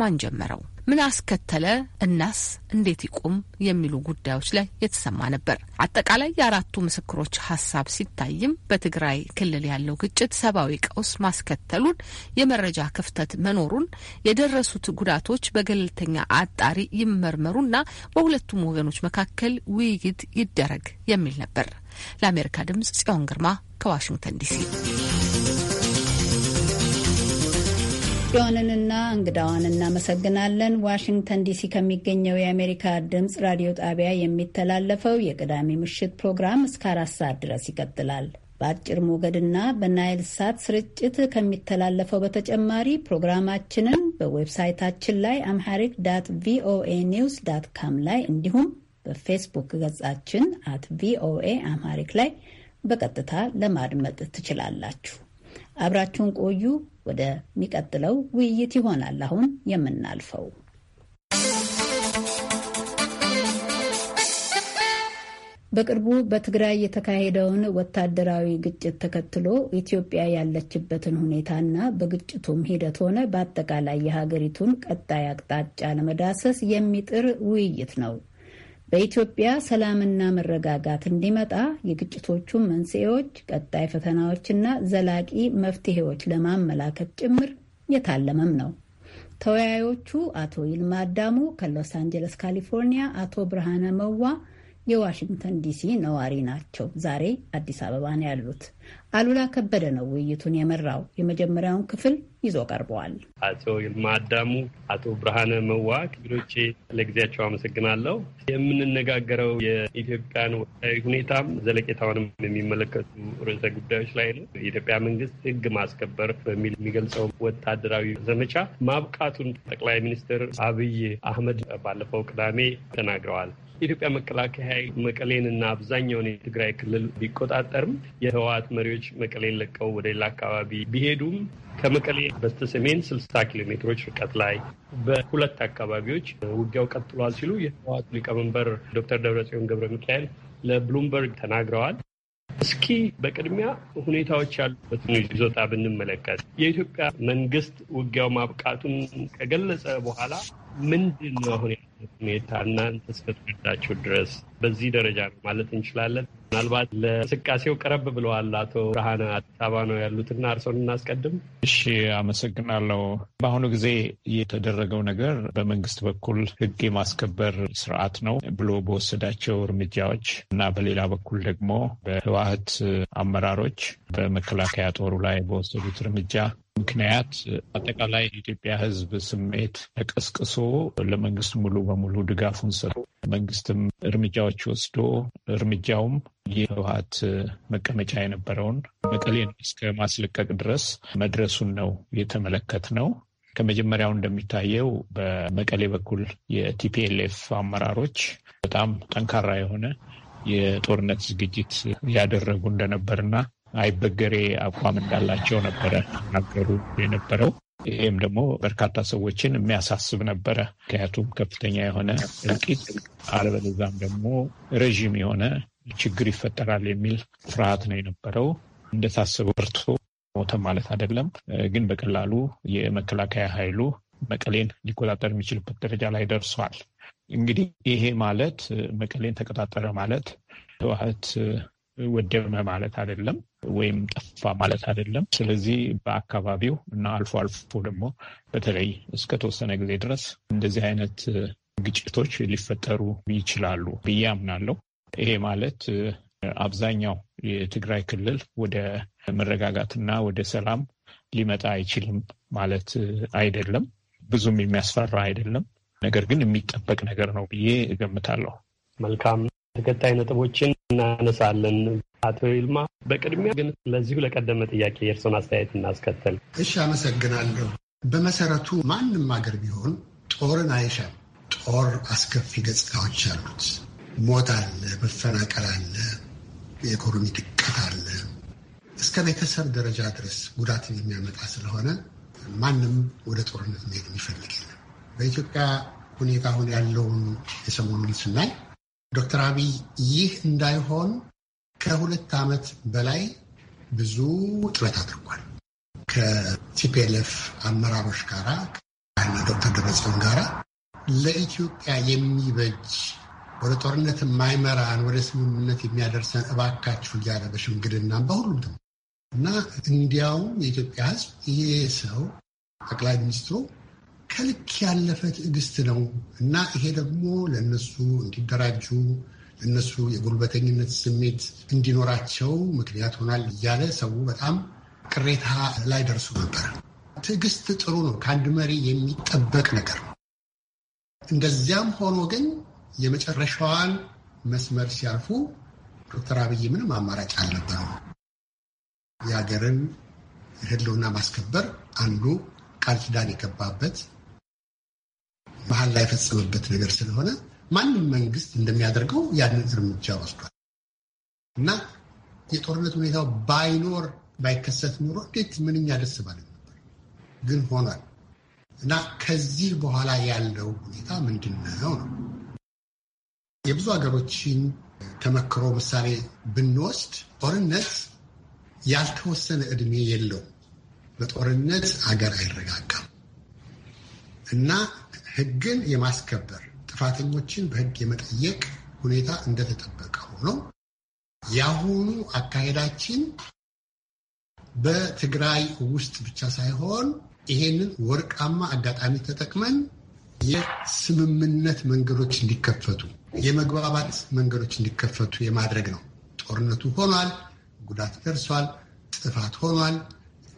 ማን ጀመረው? ምን አስከተለ እናስ እንዴት ይቁም የሚሉ ጉዳዮች ላይ የተሰማ ነበር። አጠቃላይ የአራቱ ምስክሮች ሀሳብ ሲታይም በትግራይ ክልል ያለው ግጭት ሰብአዊ ቀውስ ማስከተሉን፣ የመረጃ ክፍተት መኖሩን፣ የደረሱት ጉዳቶች በገለልተኛ አጣሪ ይመርመሩና በሁለቱም ወገኖች መካከል ውይይት ይደረግ የሚል ነበር። ለአሜሪካ ድምጽ ጽዮን ግርማ ከዋሽንግተን ዲሲ ጽዮንንና እንግዳዋን እናመሰግናለን። ዋሽንግተን ዲሲ ከሚገኘው የአሜሪካ ድምፅ ራዲዮ ጣቢያ የሚተላለፈው የቅዳሜ ምሽት ፕሮግራም እስከ አራት ሰዓት ድረስ ይቀጥላል። በአጭር ሞገድና በናይል ሳት ስርጭት ከሚተላለፈው በተጨማሪ ፕሮግራማችንን በዌብሳይታችን ላይ አምሐሪክ ዳት ቪኦኤ ኒውስ ዳት ካም ላይ እንዲሁም በፌስቡክ ገጻችን አት ቪኦኤ አምሐሪክ ላይ በቀጥታ ለማድመጥ ትችላላችሁ። አብራችሁን ቆዩ። ወደሚቀጥለው ውይይት ይሆናል አሁን የምናልፈው። በቅርቡ በትግራይ የተካሄደውን ወታደራዊ ግጭት ተከትሎ ኢትዮጵያ ያለችበትን ሁኔታና በግጭቱም ሂደት ሆነ በአጠቃላይ የሀገሪቱን ቀጣይ አቅጣጫ ለመዳሰስ የሚጥር ውይይት ነው በኢትዮጵያ ሰላምና መረጋጋት እንዲመጣ የግጭቶቹን መንስኤዎች፣ ቀጣይ ፈተናዎችና ዘላቂ መፍትሄዎች ለማመላከት ጭምር የታለመም ነው። ተወያዮቹ አቶ ይልማ አዳሙ ከሎስ አንጀለስ ካሊፎርኒያ፣ አቶ ብርሃነ መዋ የዋሽንግተን ዲሲ ነዋሪ ናቸው። ዛሬ አዲስ አበባ ነው ያሉት። አሉላ ከበደ ነው ውይይቱን የመራው። የመጀመሪያውን ክፍል ይዞ ቀርበዋል። አቶ ይልማ አዳሙ፣ አቶ ብርሃነ መዋ ክብሎቼ ለጊዜያቸው አመሰግናለሁ። የምንነጋገረው የኢትዮጵያን ወቅታዊ ሁኔታም ዘለቄታውንም የሚመለከቱ ርዕሰ ጉዳዮች ላይ ነው። የኢትዮጵያ መንግስት ሕግ ማስከበር በሚል የሚገልጸው ወታደራዊ ዘመቻ ማብቃቱን ጠቅላይ ሚኒስትር አብይ አህመድ ባለፈው ቅዳሜ ተናግረዋል። የኢትዮጵያ መከላከያ ኃይል መቀሌን አብዛኛውን የትግራይ ክልል ቢቆጣጠርም የህወሓት መሪዎች መቀሌን ለቀው ወደ ሌላ አካባቢ ቢሄዱም ከመቀሌ በስተሰሜን 60 ኪሎ ሜትሮች ርቀት ላይ በሁለት አካባቢዎች ውጊያው ቀጥሏል ሲሉ የህወሓቱ ሊቀመንበር ዶክተር ደብረጽዮን ገብረ ሚካኤል ለብሉምበርግ ተናግረዋል። እስኪ በቅድሚያ ሁኔታዎች ያሉበት ይዞታ ብንመለከት የኢትዮጵያ መንግስት ውጊያው ማብቃቱን ከገለጸ በኋላ ምንድን ነው አሁን ሁኔታ እናንተ እስከተረዳችሁ ድረስ በዚህ ደረጃ ነው ማለት እንችላለን? ምናልባት ለእንቅስቃሴው ቀረብ ብለዋል አቶ ብርሃነ አዲስ አበባ ነው ያሉትና እርሶን እናስቀድም። እሺ፣ አመሰግናለሁ። በአሁኑ ጊዜ የተደረገው ነገር በመንግስት በኩል ህግ የማስከበር ስርዓት ነው ብሎ በወሰዳቸው እርምጃዎች እና በሌላ በኩል ደግሞ በህዋህት አመራሮች በመከላከያ ጦሩ ላይ በወሰዱት እርምጃ ምክንያት አጠቃላይ የኢትዮጵያ ሕዝብ ስሜት ተቀስቅሶ ለመንግስት ሙሉ በሙሉ ድጋፉን ሰጡ። መንግስትም እርምጃዎች ወስዶ እርምጃውም የህወሀት መቀመጫ የነበረውን መቀሌን እስከ ማስለቀቅ ድረስ መድረሱን ነው የተመለከት ነው። ከመጀመሪያው እንደሚታየው በመቀሌ በኩል የቲፒኤልኤፍ አመራሮች በጣም ጠንካራ የሆነ የጦርነት ዝግጅት ያደረጉ እንደነበርና አይበገሬ አቋም እንዳላቸው ነበረ ናገሩ የነበረው። ይህም ደግሞ በርካታ ሰዎችን የሚያሳስብ ነበረ። ምክንያቱም ከፍተኛ የሆነ እልቂት አለበለዛም ደግሞ ረዥም የሆነ ችግር ይፈጠራል የሚል ፍርሃት ነው የነበረው። እንደታሰበው በርቶ ሞተ ማለት አይደለም፣ ግን በቀላሉ የመከላከያ ኃይሉ መቀሌን ሊቆጣጠር የሚችልበት ደረጃ ላይ ደርሷል። እንግዲህ ይሄ ማለት መቀሌን ተቆጣጠረ ማለት ህወሓት ወደመ ማለት አይደለም። ወይም ጠፋ ማለት አይደለም። ስለዚህ በአካባቢው እና አልፎ አልፎ ደግሞ በተለይ እስከ ተወሰነ ጊዜ ድረስ እንደዚህ አይነት ግጭቶች ሊፈጠሩ ይችላሉ ብዬ አምናለሁ። ይሄ ማለት አብዛኛው የትግራይ ክልል ወደ መረጋጋትና ወደ ሰላም ሊመጣ አይችልም ማለት አይደለም። ብዙም የሚያስፈራ አይደለም። ነገር ግን የሚጠበቅ ነገር ነው ብዬ እገምታለሁ። መልካም ተከታይ ነጥቦችን እናነሳለን። አቶ ይልማ በቅድሚያ ግን ለዚሁ ለቀደመ ጥያቄ የእርስዎን አስተያየት እናስከተል። እሺ፣ አመሰግናለሁ። በመሰረቱ ማንም ሀገር ቢሆን ጦርን አይሻም። ጦር አስከፊ ገጽታዎች አሉት። ሞት አለ፣ መፈናቀል አለ፣ የኢኮኖሚ ድቀት አለ። እስከ ቤተሰብ ደረጃ ድረስ ጉዳትን የሚያመጣ ስለሆነ ማንም ወደ ጦርነት መሄድ የሚፈልግ የለም። በኢትዮጵያ ሁኔታ አሁን ያለውን የሰሞኑን ስናይ ዶክተር አብይ ይህ እንዳይሆን ከሁለት ዓመት በላይ ብዙ ጥረት አድርጓል። ከቲፒኤልኤፍ አመራሮች ጋራ እና ዶክተር ደብረጽዮን ጋራ ለኢትዮጵያ የሚበጅ ወደ ጦርነት የማይመራን ወደ ስምምነት የሚያደርሰን እባካችሁ እያለ በሽምግልና በሁሉም እና እንዲያውም የኢትዮጵያ ሕዝብ ይሄ ሰው ጠቅላይ ሚኒስትሩ ከልክ ያለፈ ትዕግስት ነው እና ይሄ ደግሞ ለነሱ እንዲደራጁ ለነሱ የጉልበተኝነት ስሜት እንዲኖራቸው ምክንያት ሆናል እያለ ሰው በጣም ቅሬታ ላይ ደርሶ ነበር። ትዕግስት ጥሩ ነው፣ ከአንድ መሪ የሚጠበቅ ነገር ነው። እንደዚያም ሆኖ ግን የመጨረሻዋን መስመር ሲያልፉ ዶክተር አብይ ምንም አማራጭ አልነበረው። የሀገርን ህልውና ማስከበር አንዱ ቃል ኪዳን የገባበት ባህል ላይ የፈጸመበት ነገር ስለሆነ ማንም መንግስት እንደሚያደርገው ያንን እርምጃ ወስዷል እና የጦርነት ሁኔታው ባይኖር ባይከሰት ኖሮ እንዴት ምንኛ ደስ ባለ ነበር፣ ግን ሆኗል እና ከዚህ በኋላ ያለው ሁኔታ ምንድን ነው ነው የብዙ ሀገሮችን ተመክሮ ምሳሌ ብንወስድ ጦርነት ያልተወሰነ እድሜ የለውም። በጦርነት አገር አይረጋጋም እና ህግን የማስከበር ጥፋተኞችን በህግ የመጠየቅ ሁኔታ እንደተጠበቀ ሆኖ ያሁኑ አካሄዳችን በትግራይ ውስጥ ብቻ ሳይሆን ይሄንን ወርቃማ አጋጣሚ ተጠቅመን የስምምነት መንገዶች እንዲከፈቱ፣ የመግባባት መንገዶች እንዲከፈቱ የማድረግ ነው። ጦርነቱ ሆኗል፣ ጉዳት ደርሷል፣ ጥፋት ሆኗል።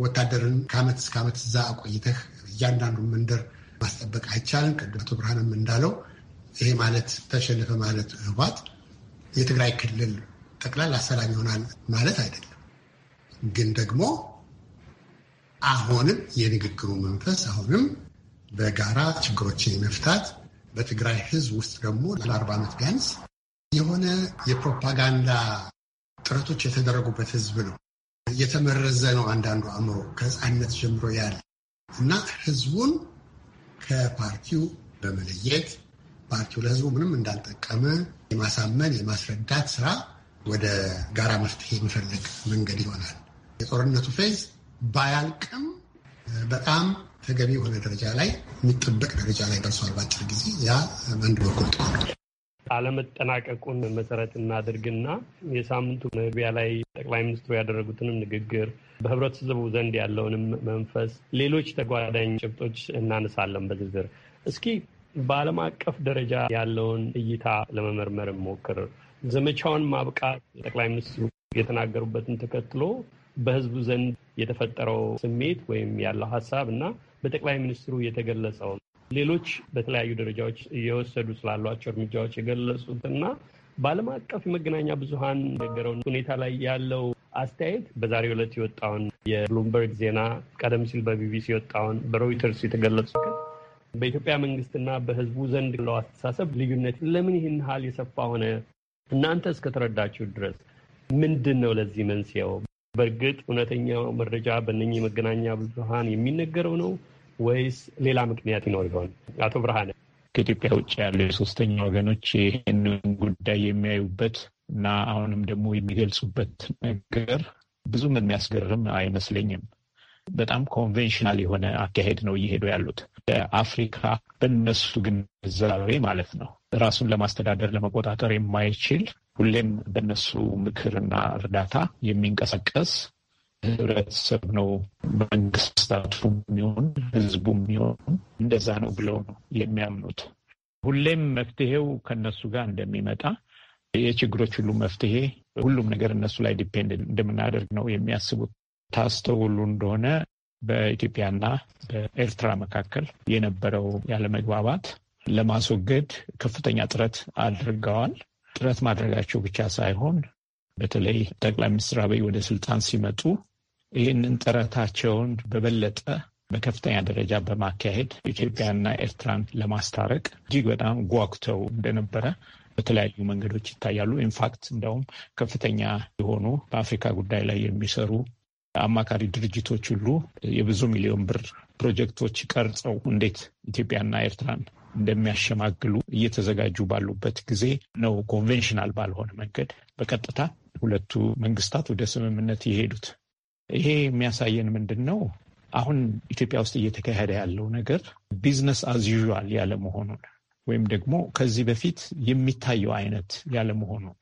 ወታደርን ከዓመት እስከ ዓመት እዛ አቆይተህ እያንዳንዱ መንደር ማስጠበቅ አይቻልም። ቅድም አቶ ብርሃንም እንዳለው ይሄ ማለት ተሸነፈ ማለት ህወሓት የትግራይ ክልል ጠቅላላ ሰላም ይሆናል ማለት አይደለም። ግን ደግሞ አሁንም የንግግሩ መንፈስ አሁንም በጋራ ችግሮችን የመፍታት በትግራይ ህዝብ ውስጥ ደግሞ ለአርባ ዓመት ቢያንስ የሆነ የፕሮፓጋንዳ ጥረቶች የተደረጉበት ህዝብ ነው። የተመረዘ ነው አንዳንዱ አእምሮ ከህፃነት ጀምሮ ያለ እና ህዝቡን ከፓርቲው በመለየት ፓርቲው ለህዝቡ ምንም እንዳልጠቀመ የማሳመን የማስረዳት ስራ ወደ ጋራ መፍትሄ የሚፈልግ መንገድ ይሆናል። የጦርነቱ ፌዝ ባያልቅም በጣም ተገቢ የሆነ ደረጃ ላይ የሚጠበቅ ደረጃ ላይ ደርሷል። በአጭር ጊዜ ያ አንድ በኩል ጥሩ አለመጠናቀቁን መሰረት እናድርግና የሳምንቱ መግቢያ ላይ ጠቅላይ ሚኒስትሩ ያደረጉትንም ንግግር በህብረተሰቡ ዘንድ ያለውንም መንፈስ፣ ሌሎች ተጓዳኝ ጭብጦች እናነሳለን በዝርዝር። እስኪ በዓለም አቀፍ ደረጃ ያለውን እይታ ለመመርመር ሞክር። ዘመቻውን ማብቃት ጠቅላይ ሚኒስትሩ የተናገሩበትን ተከትሎ በህዝቡ ዘንድ የተፈጠረው ስሜት ወይም ያለው ሀሳብ እና በጠቅላይ ሚኒስትሩ የተገለጸው ሌሎች በተለያዩ ደረጃዎች እየወሰዱ ስላሏቸው እርምጃዎች የገለጹትና በዓለም አቀፍ የመገናኛ ብዙሀን ነገረውን ሁኔታ ላይ ያለው አስተያየት በዛሬው ዕለት የወጣውን የብሉምበርግ ዜና ቀደም ሲል በቢቢሲ የወጣውን በሮይተርስ የተገለጹት በኢትዮጵያ መንግስትና በህዝቡ ዘንድ ያለው አስተሳሰብ ልዩነት ለምን ይህን ሀል የሰፋ ሆነ? እናንተ እስከተረዳችሁ ድረስ ምንድን ነው ለዚህ መንስኤው? በእርግጥ እውነተኛው መረጃ በእነኚህ መገናኛ ብዙሀን የሚነገረው ነው ወይስ ሌላ ምክንያት ይኖር ይሆን? አቶ ብርሃነ ከኢትዮጵያ ውጭ ያሉ የሶስተኛ ወገኖች ይህንን ጉዳይ የሚያዩበት እና አሁንም ደግሞ የሚገልጹበት ነገር ብዙም የሚያስገርም አይመስለኝም። በጣም ኮንቬንሽናል የሆነ አካሄድ ነው እየሄዱ ያሉት አፍሪካ በነሱ ግን ማለት ነው ራሱን ለማስተዳደር ለመቆጣጠር የማይችል ሁሌም በነሱ ምክርና እርዳታ የሚንቀሳቀስ ህብረተሰብ ነው መንግስታቱ የሚሆን ህዝቡ የሚሆን እንደዛ ነው ብለው ነው የሚያምኑት። ሁሌም መፍትሄው ከነሱ ጋር እንደሚመጣ የችግሮች ሁሉ መፍትሄ ሁሉም ነገር እነሱ ላይ ዲፔንድ እንደምናደርግ ነው የሚያስቡት። ታስተውሉ እንደሆነ በኢትዮጵያና በኤርትራ መካከል የነበረው ያለመግባባት ለማስወገድ ከፍተኛ ጥረት አድርገዋል። ጥረት ማድረጋቸው ብቻ ሳይሆን በተለይ ጠቅላይ ሚኒስትር አብይ ወደ ስልጣን ሲመጡ ይህንን ጥረታቸውን በበለጠ በከፍተኛ ደረጃ በማካሄድ ኢትዮጵያና ኤርትራን ለማስታረቅ እጅግ በጣም ጓጉተው እንደነበረ በተለያዩ መንገዶች ይታያሉ። ኢንፋክት እንደውም ከፍተኛ የሆኑ በአፍሪካ ጉዳይ ላይ የሚሰሩ አማካሪ ድርጅቶች ሁሉ የብዙ ሚሊዮን ብር ፕሮጀክቶች ቀርጸው እንዴት ኢትዮጵያና ኤርትራን እንደሚያሸማግሉ እየተዘጋጁ ባሉበት ጊዜ ነው ኮንቬንሽናል ባልሆነ መንገድ በቀጥታ ሁለቱ መንግስታት ወደ ስምምነት የሄዱት። ይሄ የሚያሳየን ምንድን ነው? አሁን ኢትዮጵያ ውስጥ እየተካሄደ ያለው ነገር ቢዝነስ አዝ ዩዥዋል መሆኑን ወይም ደግሞ ከዚህ በፊት የሚታየው አይነት ያለመሆኑን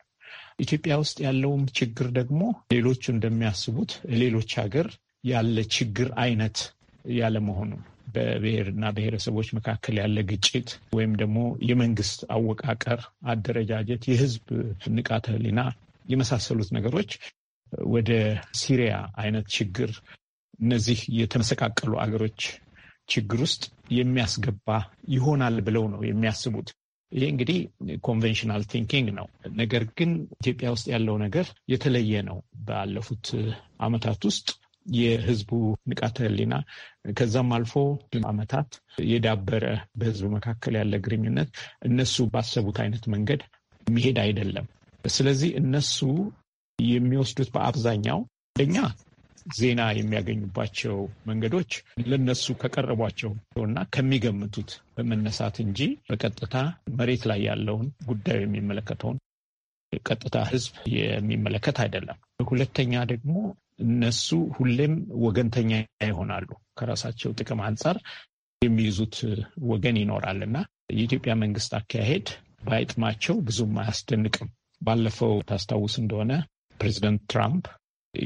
ኢትዮጵያ ውስጥ ያለውም ችግር ደግሞ ሌሎቹ እንደሚያስቡት ሌሎች ሀገር ያለ ችግር አይነት በብሔር በብሔርና ብሔረሰቦች መካከል ያለ ግጭት ወይም ደግሞ የመንግስት አወቃቀር፣ አደረጃጀት፣ የህዝብ ንቃተ ህሊና የመሳሰሉት ነገሮች ወደ ሲሪያ አይነት ችግር እነዚህ የተመሰቃቀሉ አገሮች ችግር ውስጥ የሚያስገባ ይሆናል ብለው ነው የሚያስቡት። ይሄ እንግዲህ ኮንቬንሽናል ቲንኪንግ ነው። ነገር ግን ኢትዮጵያ ውስጥ ያለው ነገር የተለየ ነው። ባለፉት ዓመታት ውስጥ የህዝቡ ንቃተ ህሊና ከዛም አልፎ ዓመታት የዳበረ በህዝቡ መካከል ያለ ግንኙነት እነሱ ባሰቡት አይነት መንገድ የሚሄድ አይደለም። ስለዚህ እነሱ የሚወስዱት በአብዛኛው አንደኛ ዜና የሚያገኙባቸው መንገዶች ለነሱ ከቀረቧቸው እና ከሚገምቱት በመነሳት እንጂ በቀጥታ መሬት ላይ ያለውን ጉዳዩ የሚመለከተውን ቀጥታ ሕዝብ የሚመለከት አይደለም። ሁለተኛ ደግሞ እነሱ ሁሌም ወገንተኛ ይሆናሉ። ከራሳቸው ጥቅም አንጻር የሚይዙት ወገን ይኖራል እና የኢትዮጵያ መንግስት አካሄድ ባይጥማቸው ብዙም አያስደንቅም። ባለፈው ታስታውስ እንደሆነ ፕሬዚደንት ትራምፕ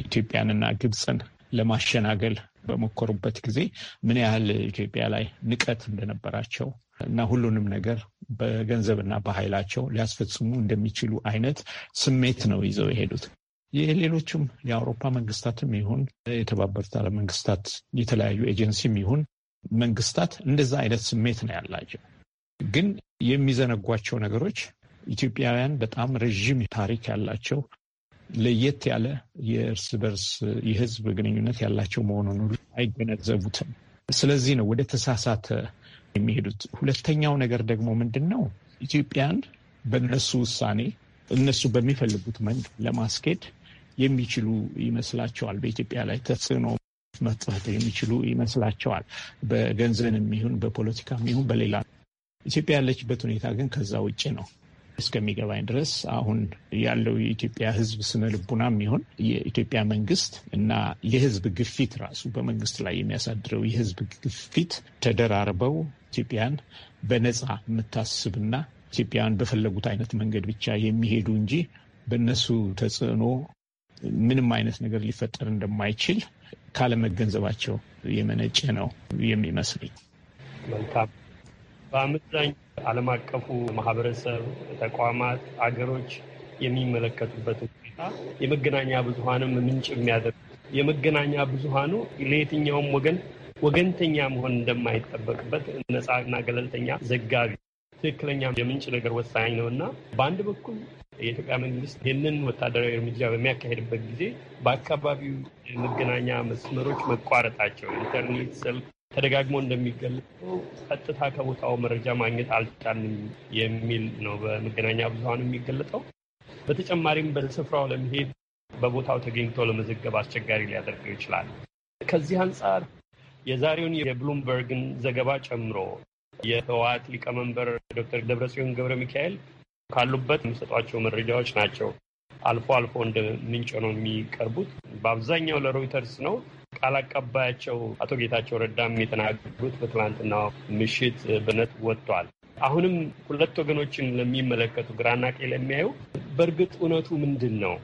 ኢትዮጵያንና ግብፅን ለማሸናገል በሞከሩበት ጊዜ ምን ያህል ኢትዮጵያ ላይ ንቀት እንደነበራቸው እና ሁሉንም ነገር በገንዘብና በኃይላቸው ሊያስፈጽሙ እንደሚችሉ አይነት ስሜት ነው ይዘው የሄዱት። ይህ ሌሎችም የአውሮፓ መንግስታትም ይሁን የተባበሩት አረብ መንግስታት የተለያዩ ኤጀንሲም ይሁን መንግስታት እንደዛ አይነት ስሜት ነው ያላቸው። ግን የሚዘነጓቸው ነገሮች ኢትዮጵያውያን በጣም ረዥም ታሪክ ያላቸው ለየት ያለ የእርስ በርስ የህዝብ ግንኙነት ያላቸው መሆኑን አይገነዘቡትም። ስለዚህ ነው ወደ ተሳሳተ የሚሄዱት። ሁለተኛው ነገር ደግሞ ምንድን ነው ኢትዮጵያን በእነሱ ውሳኔ እነሱ በሚፈልጉት መንገድ ለማስኬድ የሚችሉ ይመስላቸዋል። በኢትዮጵያ ላይ ተጽዕኖ መጥፋት የሚችሉ ይመስላቸዋል። በገንዘብም ይሁን በፖለቲካም ይሁን በሌላ ኢትዮጵያ ያለችበት ሁኔታ ግን ከዛ ውጭ ነው። እስከሚገባኝ ድረስ አሁን ያለው የኢትዮጵያ ሕዝብ ስነ ልቡና የሚሆን የኢትዮጵያ መንግስት እና የሕዝብ ግፊት ራሱ በመንግስት ላይ የሚያሳድረው የሕዝብ ግፊት ተደራርበው ኢትዮጵያን በነፃ የምታስብና ኢትዮጵያን በፈለጉት አይነት መንገድ ብቻ የሚሄዱ እንጂ በእነሱ ተጽዕኖ ምንም አይነት ነገር ሊፈጠር እንደማይችል ካለመገንዘባቸው የመነጨ ነው የሚመስለኝ። መልካም በአመዛኝ ዓለም አቀፉ ማህበረሰብ፣ ተቋማት፣ አገሮች የሚመለከቱበት ሁኔታ የመገናኛ ብዙሀንም ምንጭ የሚያደርጉ የመገናኛ ብዙሀኑ ለየትኛውም ወገን ወገንተኛ መሆን እንደማይጠበቅበት ነፃና ገለልተኛ ዘጋቢ ትክክለኛ የምንጭ ነገር ወሳኝ ነው እና በአንድ በኩል የኢትዮጵያ መንግስት ይህንን ወታደራዊ እርምጃ በሚያካሄድበት ጊዜ በአካባቢው የመገናኛ መስመሮች መቋረጣቸው ኢንተርኔት፣ ስልክ ተደጋግሞ እንደሚገለጸው ቀጥታ ከቦታው መረጃ ማግኘት አልቻልንም የሚል ነው በመገናኛ ብዙሀን የሚገለጠው በተጨማሪም በስፍራው ለመሄድ በቦታው ተገኝቶ ለመዘገብ አስቸጋሪ ሊያደርገው ይችላል። ከዚህ አንጻር የዛሬውን የብሉምበርግን ዘገባ ጨምሮ የህወሓት ሊቀመንበር ዶክተር ደብረጽዮን ገብረ ሚካኤል ካሉበት የሚሰጧቸው መረጃዎች ናቸው። አልፎ አልፎ እንደ ምንጭ ነው የሚቀርቡት። በአብዛኛው ለሮይተርስ ነው። ቃል አቀባያቸው አቶ ጌታቸው ረዳም የተናገሩት በትላንትና ምሽት በነት ወጥቷል። አሁንም ሁለት ወገኖችን ለሚመለከቱ ግራና ቀኝ ለሚያዩ በእርግጥ እውነቱ ምንድን ነው?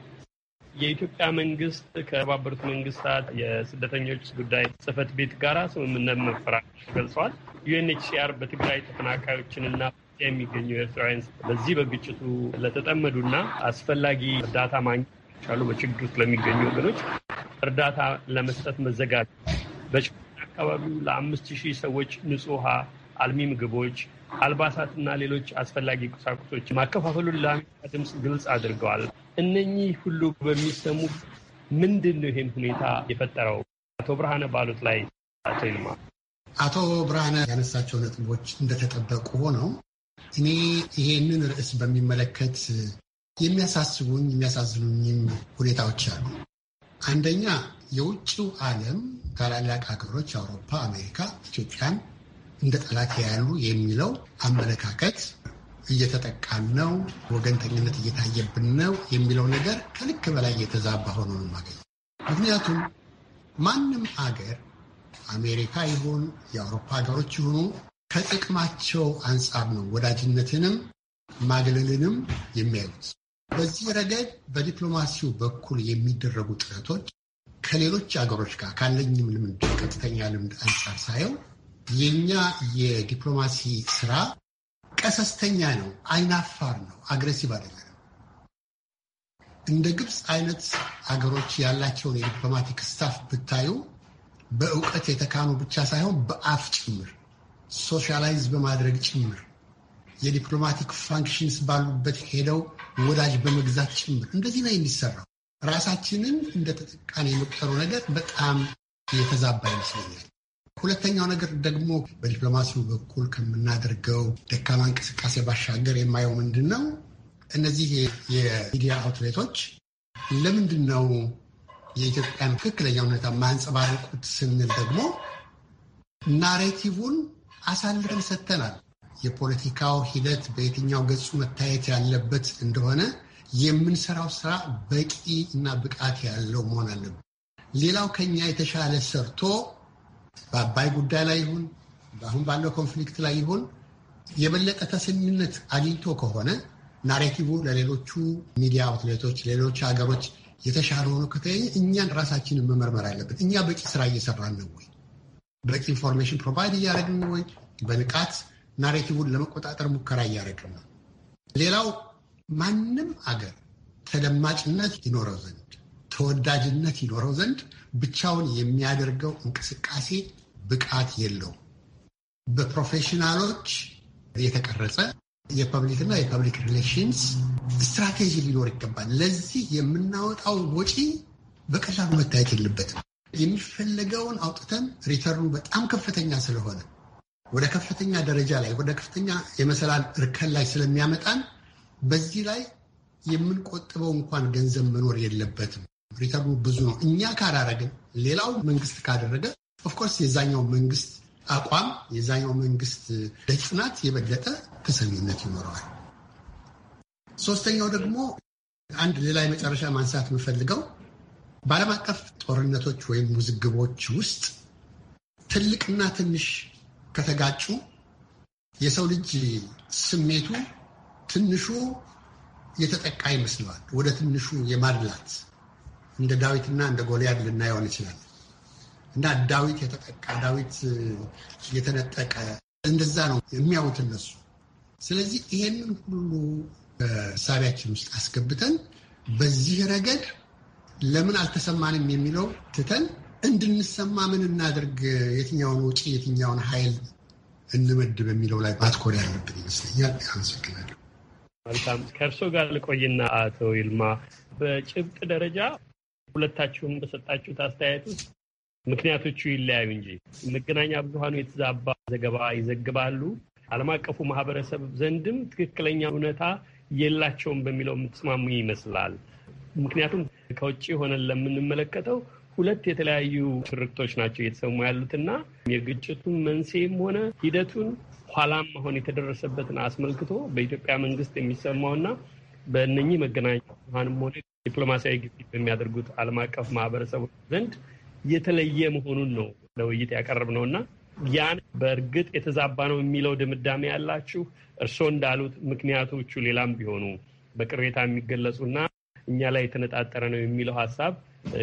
የኢትዮጵያ መንግስት ከተባበሩት መንግስታት የስደተኞች ጉዳይ ጽህፈት ቤት ጋር ስምምነት መፈራረሙ ገልጸዋል። ዩኤንኤችሲአር በትግራይ ተፈናቃዮችንና የሚገኙ ኤርትራውያን በዚህ በግጭቱ ለተጠመዱና አስፈላጊ እርዳታ ማግኘት ቻሉ በችግር ውስጥ ለሚገኙ ወገኖች እርዳታ ለመስጠት መዘጋጀት በችግር አካባቢው ለአምስት ሺህ ሰዎች ንጹህ ውሃ፣ አልሚ ምግቦች፣ አልባሳትና ሌሎች አስፈላጊ ቁሳቁሶች ማከፋፈሉን ለአሜሪካ ድምፅ ግልጽ አድርገዋል። እነኚህ ሁሉ በሚሰሙ ምንድን ነው ይህን ሁኔታ የፈጠረው? አቶ ብርሃነ ባሉት ላይ አቶ ይልማ አቶ ብርሃነ ያነሳቸው ነጥቦች እንደተጠበቁ ሆነው እኔ ይሄንን ርዕስ በሚመለከት የሚያሳስቡኝ የሚያሳዝኑኝም ሁኔታዎች አሉ። አንደኛ የውጭው ዓለም ታላላቅ ሀገሮች አውሮፓ፣ አሜሪካ ኢትዮጵያን እንደ ጠላት ያሉ የሚለው አመለካከት እየተጠቃን ነው፣ ወገንተኝነት እየታየብን ነው የሚለው ነገር ከልክ በላይ እየተዛባ ሆኖ ነው የማገኘው። ምክንያቱም ማንም አገር አሜሪካ ይሁን የአውሮፓ ሀገሮች ይሁኑ ከጥቅማቸው አንጻር ነው ወዳጅነትንም ማግለልንም የሚያዩት። በዚህ ረገድ በዲፕሎማሲው በኩል የሚደረጉ ጥረቶች ከሌሎች ሀገሮች ጋር ካለኝም ልምድ ቀጥተኛ ልምድ አንጻር ሳየው የኛ የዲፕሎማሲ ስራ ቀሰስተኛ ነው፣ አይናፋር ነው፣ አግሬሲቭ አይደለም። እንደ ግብፅ አይነት አገሮች ያላቸውን የዲፕሎማቲክ ስታፍ ብታዩ በእውቀት የተካኑ ብቻ ሳይሆን በአፍ ጭምር ሶሻላይዝ በማድረግ ጭምር የዲፕሎማቲክ ፋንክሽንስ ባሉበት ሄደው ወዳጅ በመግዛት ጭምር እንደዚህ ነው የሚሰራው። ራሳችንን እንደ ተጠቃሚ የመቁጠሩ ነገር በጣም የተዛባ ይመስለኛል። ሁለተኛው ነገር ደግሞ በዲፕሎማሲው በኩል ከምናደርገው ደካማ እንቅስቃሴ ባሻገር የማየው ምንድን ነው፣ እነዚህ የሚዲያ አውትሌቶች ለምንድን ነው የኢትዮጵያን ትክክለኛ ሁኔታ የማያንጸባርቁት ስንል ደግሞ ናሬቲቭን አሳልፈን ሰጥተናል። የፖለቲካው ሂደት በየትኛው ገጹ መታየት ያለበት እንደሆነ የምንሰራው ስራ በቂ እና ብቃት ያለው መሆን አለበት። ሌላው ከኛ የተሻለ ሰርቶ በአባይ ጉዳይ ላይ ይሁን አሁን ባለው ኮንፍሊክት ላይ ይሁን የበለጠ ተሰሚነት አግኝቶ ከሆነ ናሬቲቭ ለሌሎቹ ሚዲያ አውትሌቶች፣ ሌሎች ሀገሮች የተሻለ ሆኖ ከተገኘ እኛን ራሳችንን መመርመር አለበት። እኛ በቂ ስራ እየሰራን ነው ወይ? በቂ ኢንፎርሜሽን ፕሮቫይድ እያደረግን ወይ? በንቃት ናሬቲቡን ለመቆጣጠር ሙከራ እያደረግን ነው። ሌላው ማንም አገር ተደማጭነት ይኖረው ዘንድ ተወዳጅነት ይኖረው ዘንድ ብቻውን የሚያደርገው እንቅስቃሴ ብቃት የለውም። በፕሮፌሽናሎች የተቀረጸ የፐብሊክና የፐብሊክ ሪሌሽንስ ስትራቴጂ ሊኖር ይገባል። ለዚህ የምናወጣው ወጪ በቀላሉ መታየት የለበትም። የሚፈለገውን አውጥተን ሪተርኑ በጣም ከፍተኛ ስለሆነ ወደ ከፍተኛ ደረጃ ላይ ወደ ከፍተኛ የመሰላል እርከን ላይ ስለሚያመጣን በዚህ ላይ የምንቆጥበው እንኳን ገንዘብ መኖር የለበትም። ሪተርኑ ብዙ ነው። እኛ ካላረግን፣ ሌላው መንግስት ካደረገ ኦፍኮርስ የዛኛው መንግስት አቋም የዛኛው መንግስት ጽናት የበለጠ ተሰሚነት ይኖረዋል። ሶስተኛው ደግሞ አንድ ሌላ የመጨረሻ ማንሳት የምፈልገው በዓለም አቀፍ ጦርነቶች ወይም ውዝግቦች ውስጥ ትልቅና ትንሽ ከተጋጩ የሰው ልጅ ስሜቱ ትንሹ የተጠቃ ይመስለዋል። ወደ ትንሹ የማድላት እንደ ዳዊትና እንደ ጎልያድ ልናየው እንችላለን። እና ዳዊት የተጠቃ ዳዊት የተነጠቀ እንደዛ ነው የሚያዩት እነሱ። ስለዚህ ይሄንን ሁሉ ሳቢያችን ውስጥ አስገብተን በዚህ ረገድ ለምን አልተሰማንም የሚለው ትተን እንድንሰማ ምን እናደርግ፣ የትኛውን ውጪ፣ የትኛውን ኃይል እንመድብ የሚለው ላይ ማትኮር ያለብን ይመስለኛል። አመሰግናለሁ። መልካም ከእርሶ ጋር ልቆይና አቶ ይልማ በጭብጥ ደረጃ ሁለታችሁም በሰጣችሁት አስተያየት ውስጥ ምክንያቶቹ ይለያዩ እንጂ መገናኛ ብዙሀኑ የተዛባ ዘገባ ይዘግባሉ፣ ዓለም አቀፉ ማህበረሰብ ዘንድም ትክክለኛ እውነታ የላቸውም በሚለው የምትስማሙ ይመስላል። ምክንያቱም ከውጭ ሆነን ለምንመለከተው ሁለት የተለያዩ ትርክቶች ናቸው እየተሰሙ ያሉትና የግጭቱን መንስኤም ሆነ ሂደቱን ኋላም አሁን የተደረሰበትን አስመልክቶ በኢትዮጵያ መንግስት የሚሰማውና በእነኚህ መገናኛ ብዙሃንም ሆነ ዲፕሎማሲያዊ ግፊት በሚያደርጉት ዓለም አቀፍ ማህበረሰቦች ዘንድ የተለየ መሆኑን ነው ለውይይት ያቀርብ ነው እና ያን በእርግጥ የተዛባ ነው የሚለው ድምዳሜ ያላችሁ እርስዎ እንዳሉት ምክንያቶቹ ሌላም ቢሆኑ በቅሬታ የሚገለጹና እኛ ላይ የተነጣጠረ ነው የሚለው ሀሳብ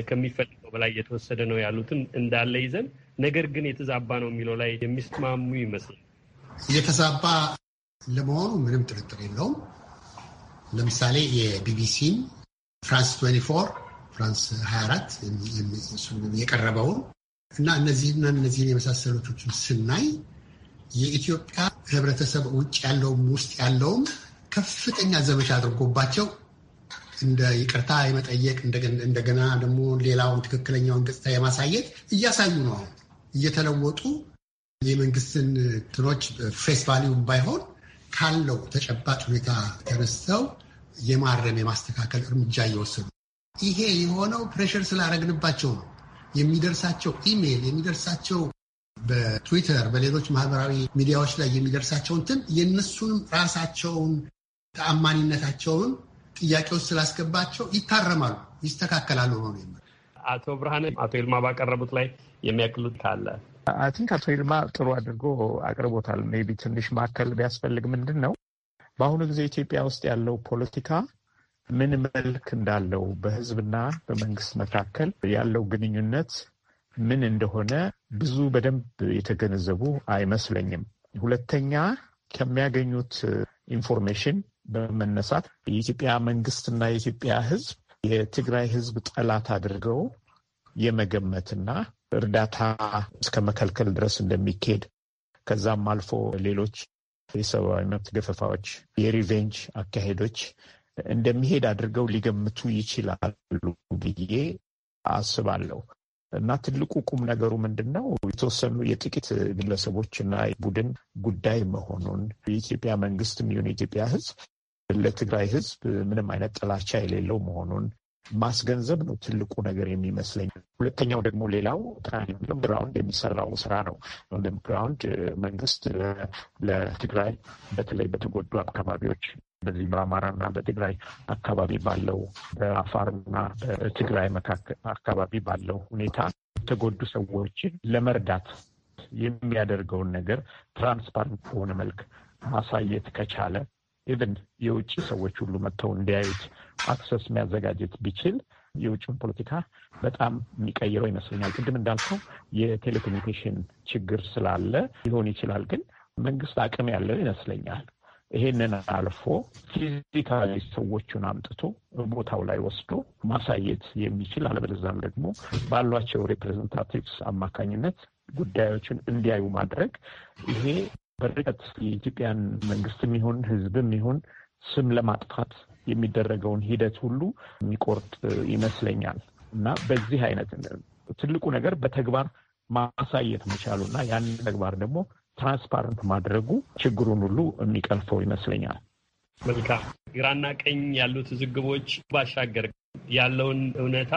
ከሚፈልግ በላይ እየተወሰደ ነው ያሉትን እንዳለ ይዘን ነገር ግን የተዛባ ነው የሚለው ላይ የሚስማሙ ይመስላል። የተዛባ ለመሆኑ ምንም ጥርጥር የለውም። ለምሳሌ የቢቢሲን ፍራንስ 24 ፍራንስ 24 የቀረበውን እና እነዚህና እነዚህን የመሳሰሉቶችን ስናይ የኢትዮጵያ ሕብረተሰብ ውጭ ያለውም ውስጥ ያለውም ከፍተኛ ዘመቻ አድርጎባቸው እንደ ይቅርታ የመጠየቅ እንደገና ደግሞ ሌላውን ትክክለኛውን ገጽታ የማሳየት እያሳዩ ነው። አሁን እየተለወጡ የመንግስትን ትኖች ፌስ ቫሊዩ ባይሆን ካለው ተጨባጭ ሁኔታ ተነስተው የማረም የማስተካከል እርምጃ እየወሰዱ ይሄ የሆነው ፕሬሽር ስላደረግንባቸው ነው። የሚደርሳቸው ኢሜይል የሚደርሳቸው በትዊተር በሌሎች ማህበራዊ ሚዲያዎች ላይ የሚደርሳቸው እንትን የእነሱንም ራሳቸውን ተአማኒነታቸውን ጥያቄዎች ስላስገባቸው ይታረማሉ፣ ይስተካከላሉ ነው አቶ ብርሃነ አቶ ይልማ ባቀረቡት ላይ የሚያክሉት ካለ አይ ቲንክ አቶ ይልማ ጥሩ አድርጎ አቅርቦታል። ሜይ ቢ ትንሽ ማከል ቢያስፈልግ ምንድን ነው በአሁኑ ጊዜ ኢትዮጵያ ውስጥ ያለው ፖለቲካ ምን መልክ እንዳለው በህዝብና በመንግስት መካከል ያለው ግንኙነት ምን እንደሆነ ብዙ በደንብ የተገነዘቡ አይመስለኝም። ሁለተኛ ከሚያገኙት ኢንፎርሜሽን በመነሳት የኢትዮጵያ መንግስትና የኢትዮጵያ ህዝብ የትግራይ ህዝብ ጠላት አድርገው የመገመትና እርዳታ እስከ መከልከል ድረስ እንደሚካሄድ ከዛም አልፎ ሌሎች የሰብአዊ መብት ገፈፋዎች፣ የሪቬንጅ አካሄዶች እንደሚሄድ አድርገው ሊገምቱ ይችላሉ ብዬ አስባለሁ። እና ትልቁ ቁም ነገሩ ምንድን ነው? የተወሰኑ የጥቂት ግለሰቦችና ቡድን ጉዳይ መሆኑን የኢትዮጵያ መንግስትም ይሁን የኢትዮጵያ ህዝብ ለትግራይ ህዝብ ምንም አይነት ጥላቻ የሌለው መሆኑን ማስገንዘብ ነው ትልቁ ነገር የሚመስለኝ። ሁለተኛው ደግሞ ሌላው ግራውንድ የሚሰራው ስራ ነው። ግራውንድ መንግስት ለትግራይ በተለይ በተጎዱ አካባቢዎች በዚህ በአማራና በትግራይ አካባቢ ባለው በአፋርና በትግራይ መካከል አካባቢ ባለው ሁኔታ የተጎዱ ሰዎችን ለመርዳት የሚያደርገውን ነገር ትራንስፓረንት በሆነ መልክ ማሳየት ከቻለ ኢቨን የውጭ ሰዎች ሁሉ መጥተው እንዲያዩት አክሰስ የሚያዘጋጀት ቢችል የውጭን ፖለቲካ በጣም የሚቀይረው ይመስለኛል። ቅድም እንዳልከው የቴሌኮሙኒኬሽን ችግር ስላለ ሊሆን ይችላል፣ ግን መንግስት አቅም ያለው ይመስለኛል ይሄንን አልፎ ፊዚካሊ ሰዎቹን አምጥቶ ቦታው ላይ ወስዶ ማሳየት የሚችል አለበለዛም ደግሞ ባሏቸው ሪፕሬዘንታቲቭስ አማካኝነት ጉዳዮችን እንዲያዩ ማድረግ ይሄ በርቀት የኢትዮጵያን መንግስትም ይሁን ህዝብም ይሁን ስም ለማጥፋት የሚደረገውን ሂደት ሁሉ የሚቆርጥ ይመስለኛል እና በዚህ አይነት ትልቁ ነገር በተግባር ማሳየት መቻሉ እና ያን ተግባር ደግሞ ትራንስፓረንት ማድረጉ ችግሩን ሁሉ የሚቀርፈው ይመስለኛል። መልካም ግራና ቀኝ ያሉት ዝግቦች ባሻገር ያለውን እውነታ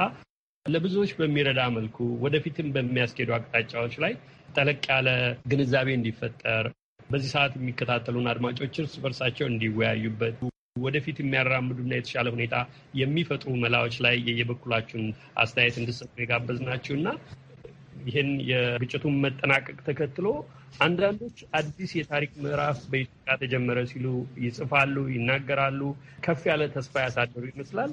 ለብዙዎች በሚረዳ መልኩ ወደፊትም በሚያስኬዱ አቅጣጫዎች ላይ ጠለቅ ያለ ግንዛቤ እንዲፈጠር በዚህ ሰዓት የሚከታተሉን አድማጮች እርስ በርሳቸው እንዲወያዩበት ወደፊት የሚያራምዱና የተሻለ ሁኔታ የሚፈጥሩ መላዎች ላይ የየበኩላችሁን አስተያየት እንድሰጡ የጋበዝናችሁ እና ይህን የግጭቱን መጠናቀቅ ተከትሎ አንዳንዶች አዲስ የታሪክ ምዕራፍ በኢትዮጵያ ተጀመረ ሲሉ ይጽፋሉ፣ ይናገራሉ። ከፍ ያለ ተስፋ ያሳደሩ ይመስላል።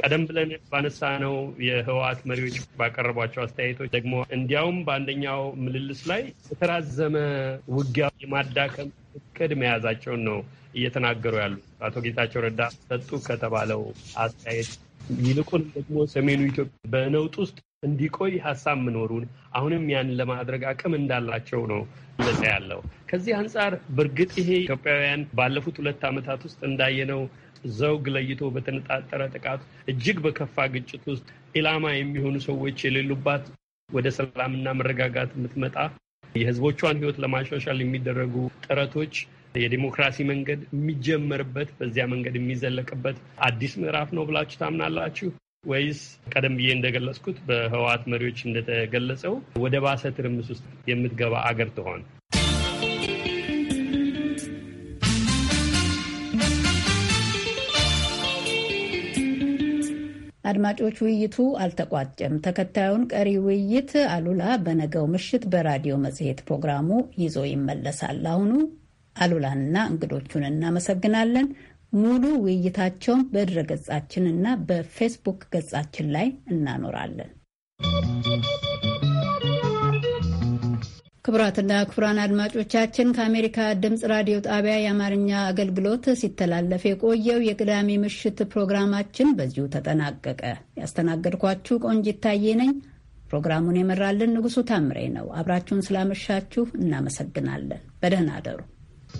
ቀደም ብለን ባነሳ ነው የህወሓት መሪዎች ባቀረቧቸው አስተያየቶች ደግሞ እንዲያውም በአንደኛው ምልልስ ላይ የተራዘመ ውጊያ የማዳከም እቅድ መያዛቸውን ነው እየተናገሩ ያሉ አቶ ጌታቸው ረዳ ሰጡ ከተባለው አስተያየት ይልቁን ደግሞ ሰሜኑ ኢትዮጵያ በነውጥ ውስጥ እንዲቆይ ሀሳብ መኖሩን አሁንም ያን ለማድረግ አቅም እንዳላቸው ነው ለጸ ያለው። ከዚህ አንጻር በእርግጥ ይሄ ኢትዮጵያውያን ባለፉት ሁለት ዓመታት ውስጥ እንዳየነው ዘውግ ለይቶ በተነጣጠረ ጥቃት እጅግ በከፋ ግጭት ውስጥ ኢላማ የሚሆኑ ሰዎች የሌሉባት ወደ ሰላምና መረጋጋት የምትመጣ የህዝቦቿን ህይወት ለማሻሻል የሚደረጉ ጥረቶች የዲሞክራሲ መንገድ የሚጀመርበት በዚያ መንገድ የሚዘለቅበት አዲስ ምዕራፍ ነው ብላችሁ ታምናላችሁ ወይስ ቀደም ብዬ እንደገለጽኩት በህወሓት መሪዎች እንደተገለጸው ወደ ባሰ ትርምስ ውስጥ የምትገባ አገር ትሆን? አድማጮች፣ ውይይቱ አልተቋጨም። ተከታዩን ቀሪ ውይይት አሉላ በነገው ምሽት በራዲዮ መጽሔት ፕሮግራሙ ይዞ ይመለሳል። አሁኑ አሉላንና እንግዶቹን እናመሰግናለን። ሙሉ ውይይታቸውን በድረ ገጻችንና በፌስቡክ ገጻችን ላይ እናኖራለን። ክቡራትና ክቡራን አድማጮቻችን ከአሜሪካ ድምፅ ራዲዮ ጣቢያ የአማርኛ አገልግሎት ሲተላለፍ የቆየው የቅዳሜ ምሽት ፕሮግራማችን በዚሁ ተጠናቀቀ። ያስተናገድኳችሁ ቆንጅ ይታዬ ነኝ። ፕሮግራሙን የመራልን ንጉሱ ታምሬ ነው። አብራችሁን ስላመሻችሁ እናመሰግናለን። በደህና አደሩ።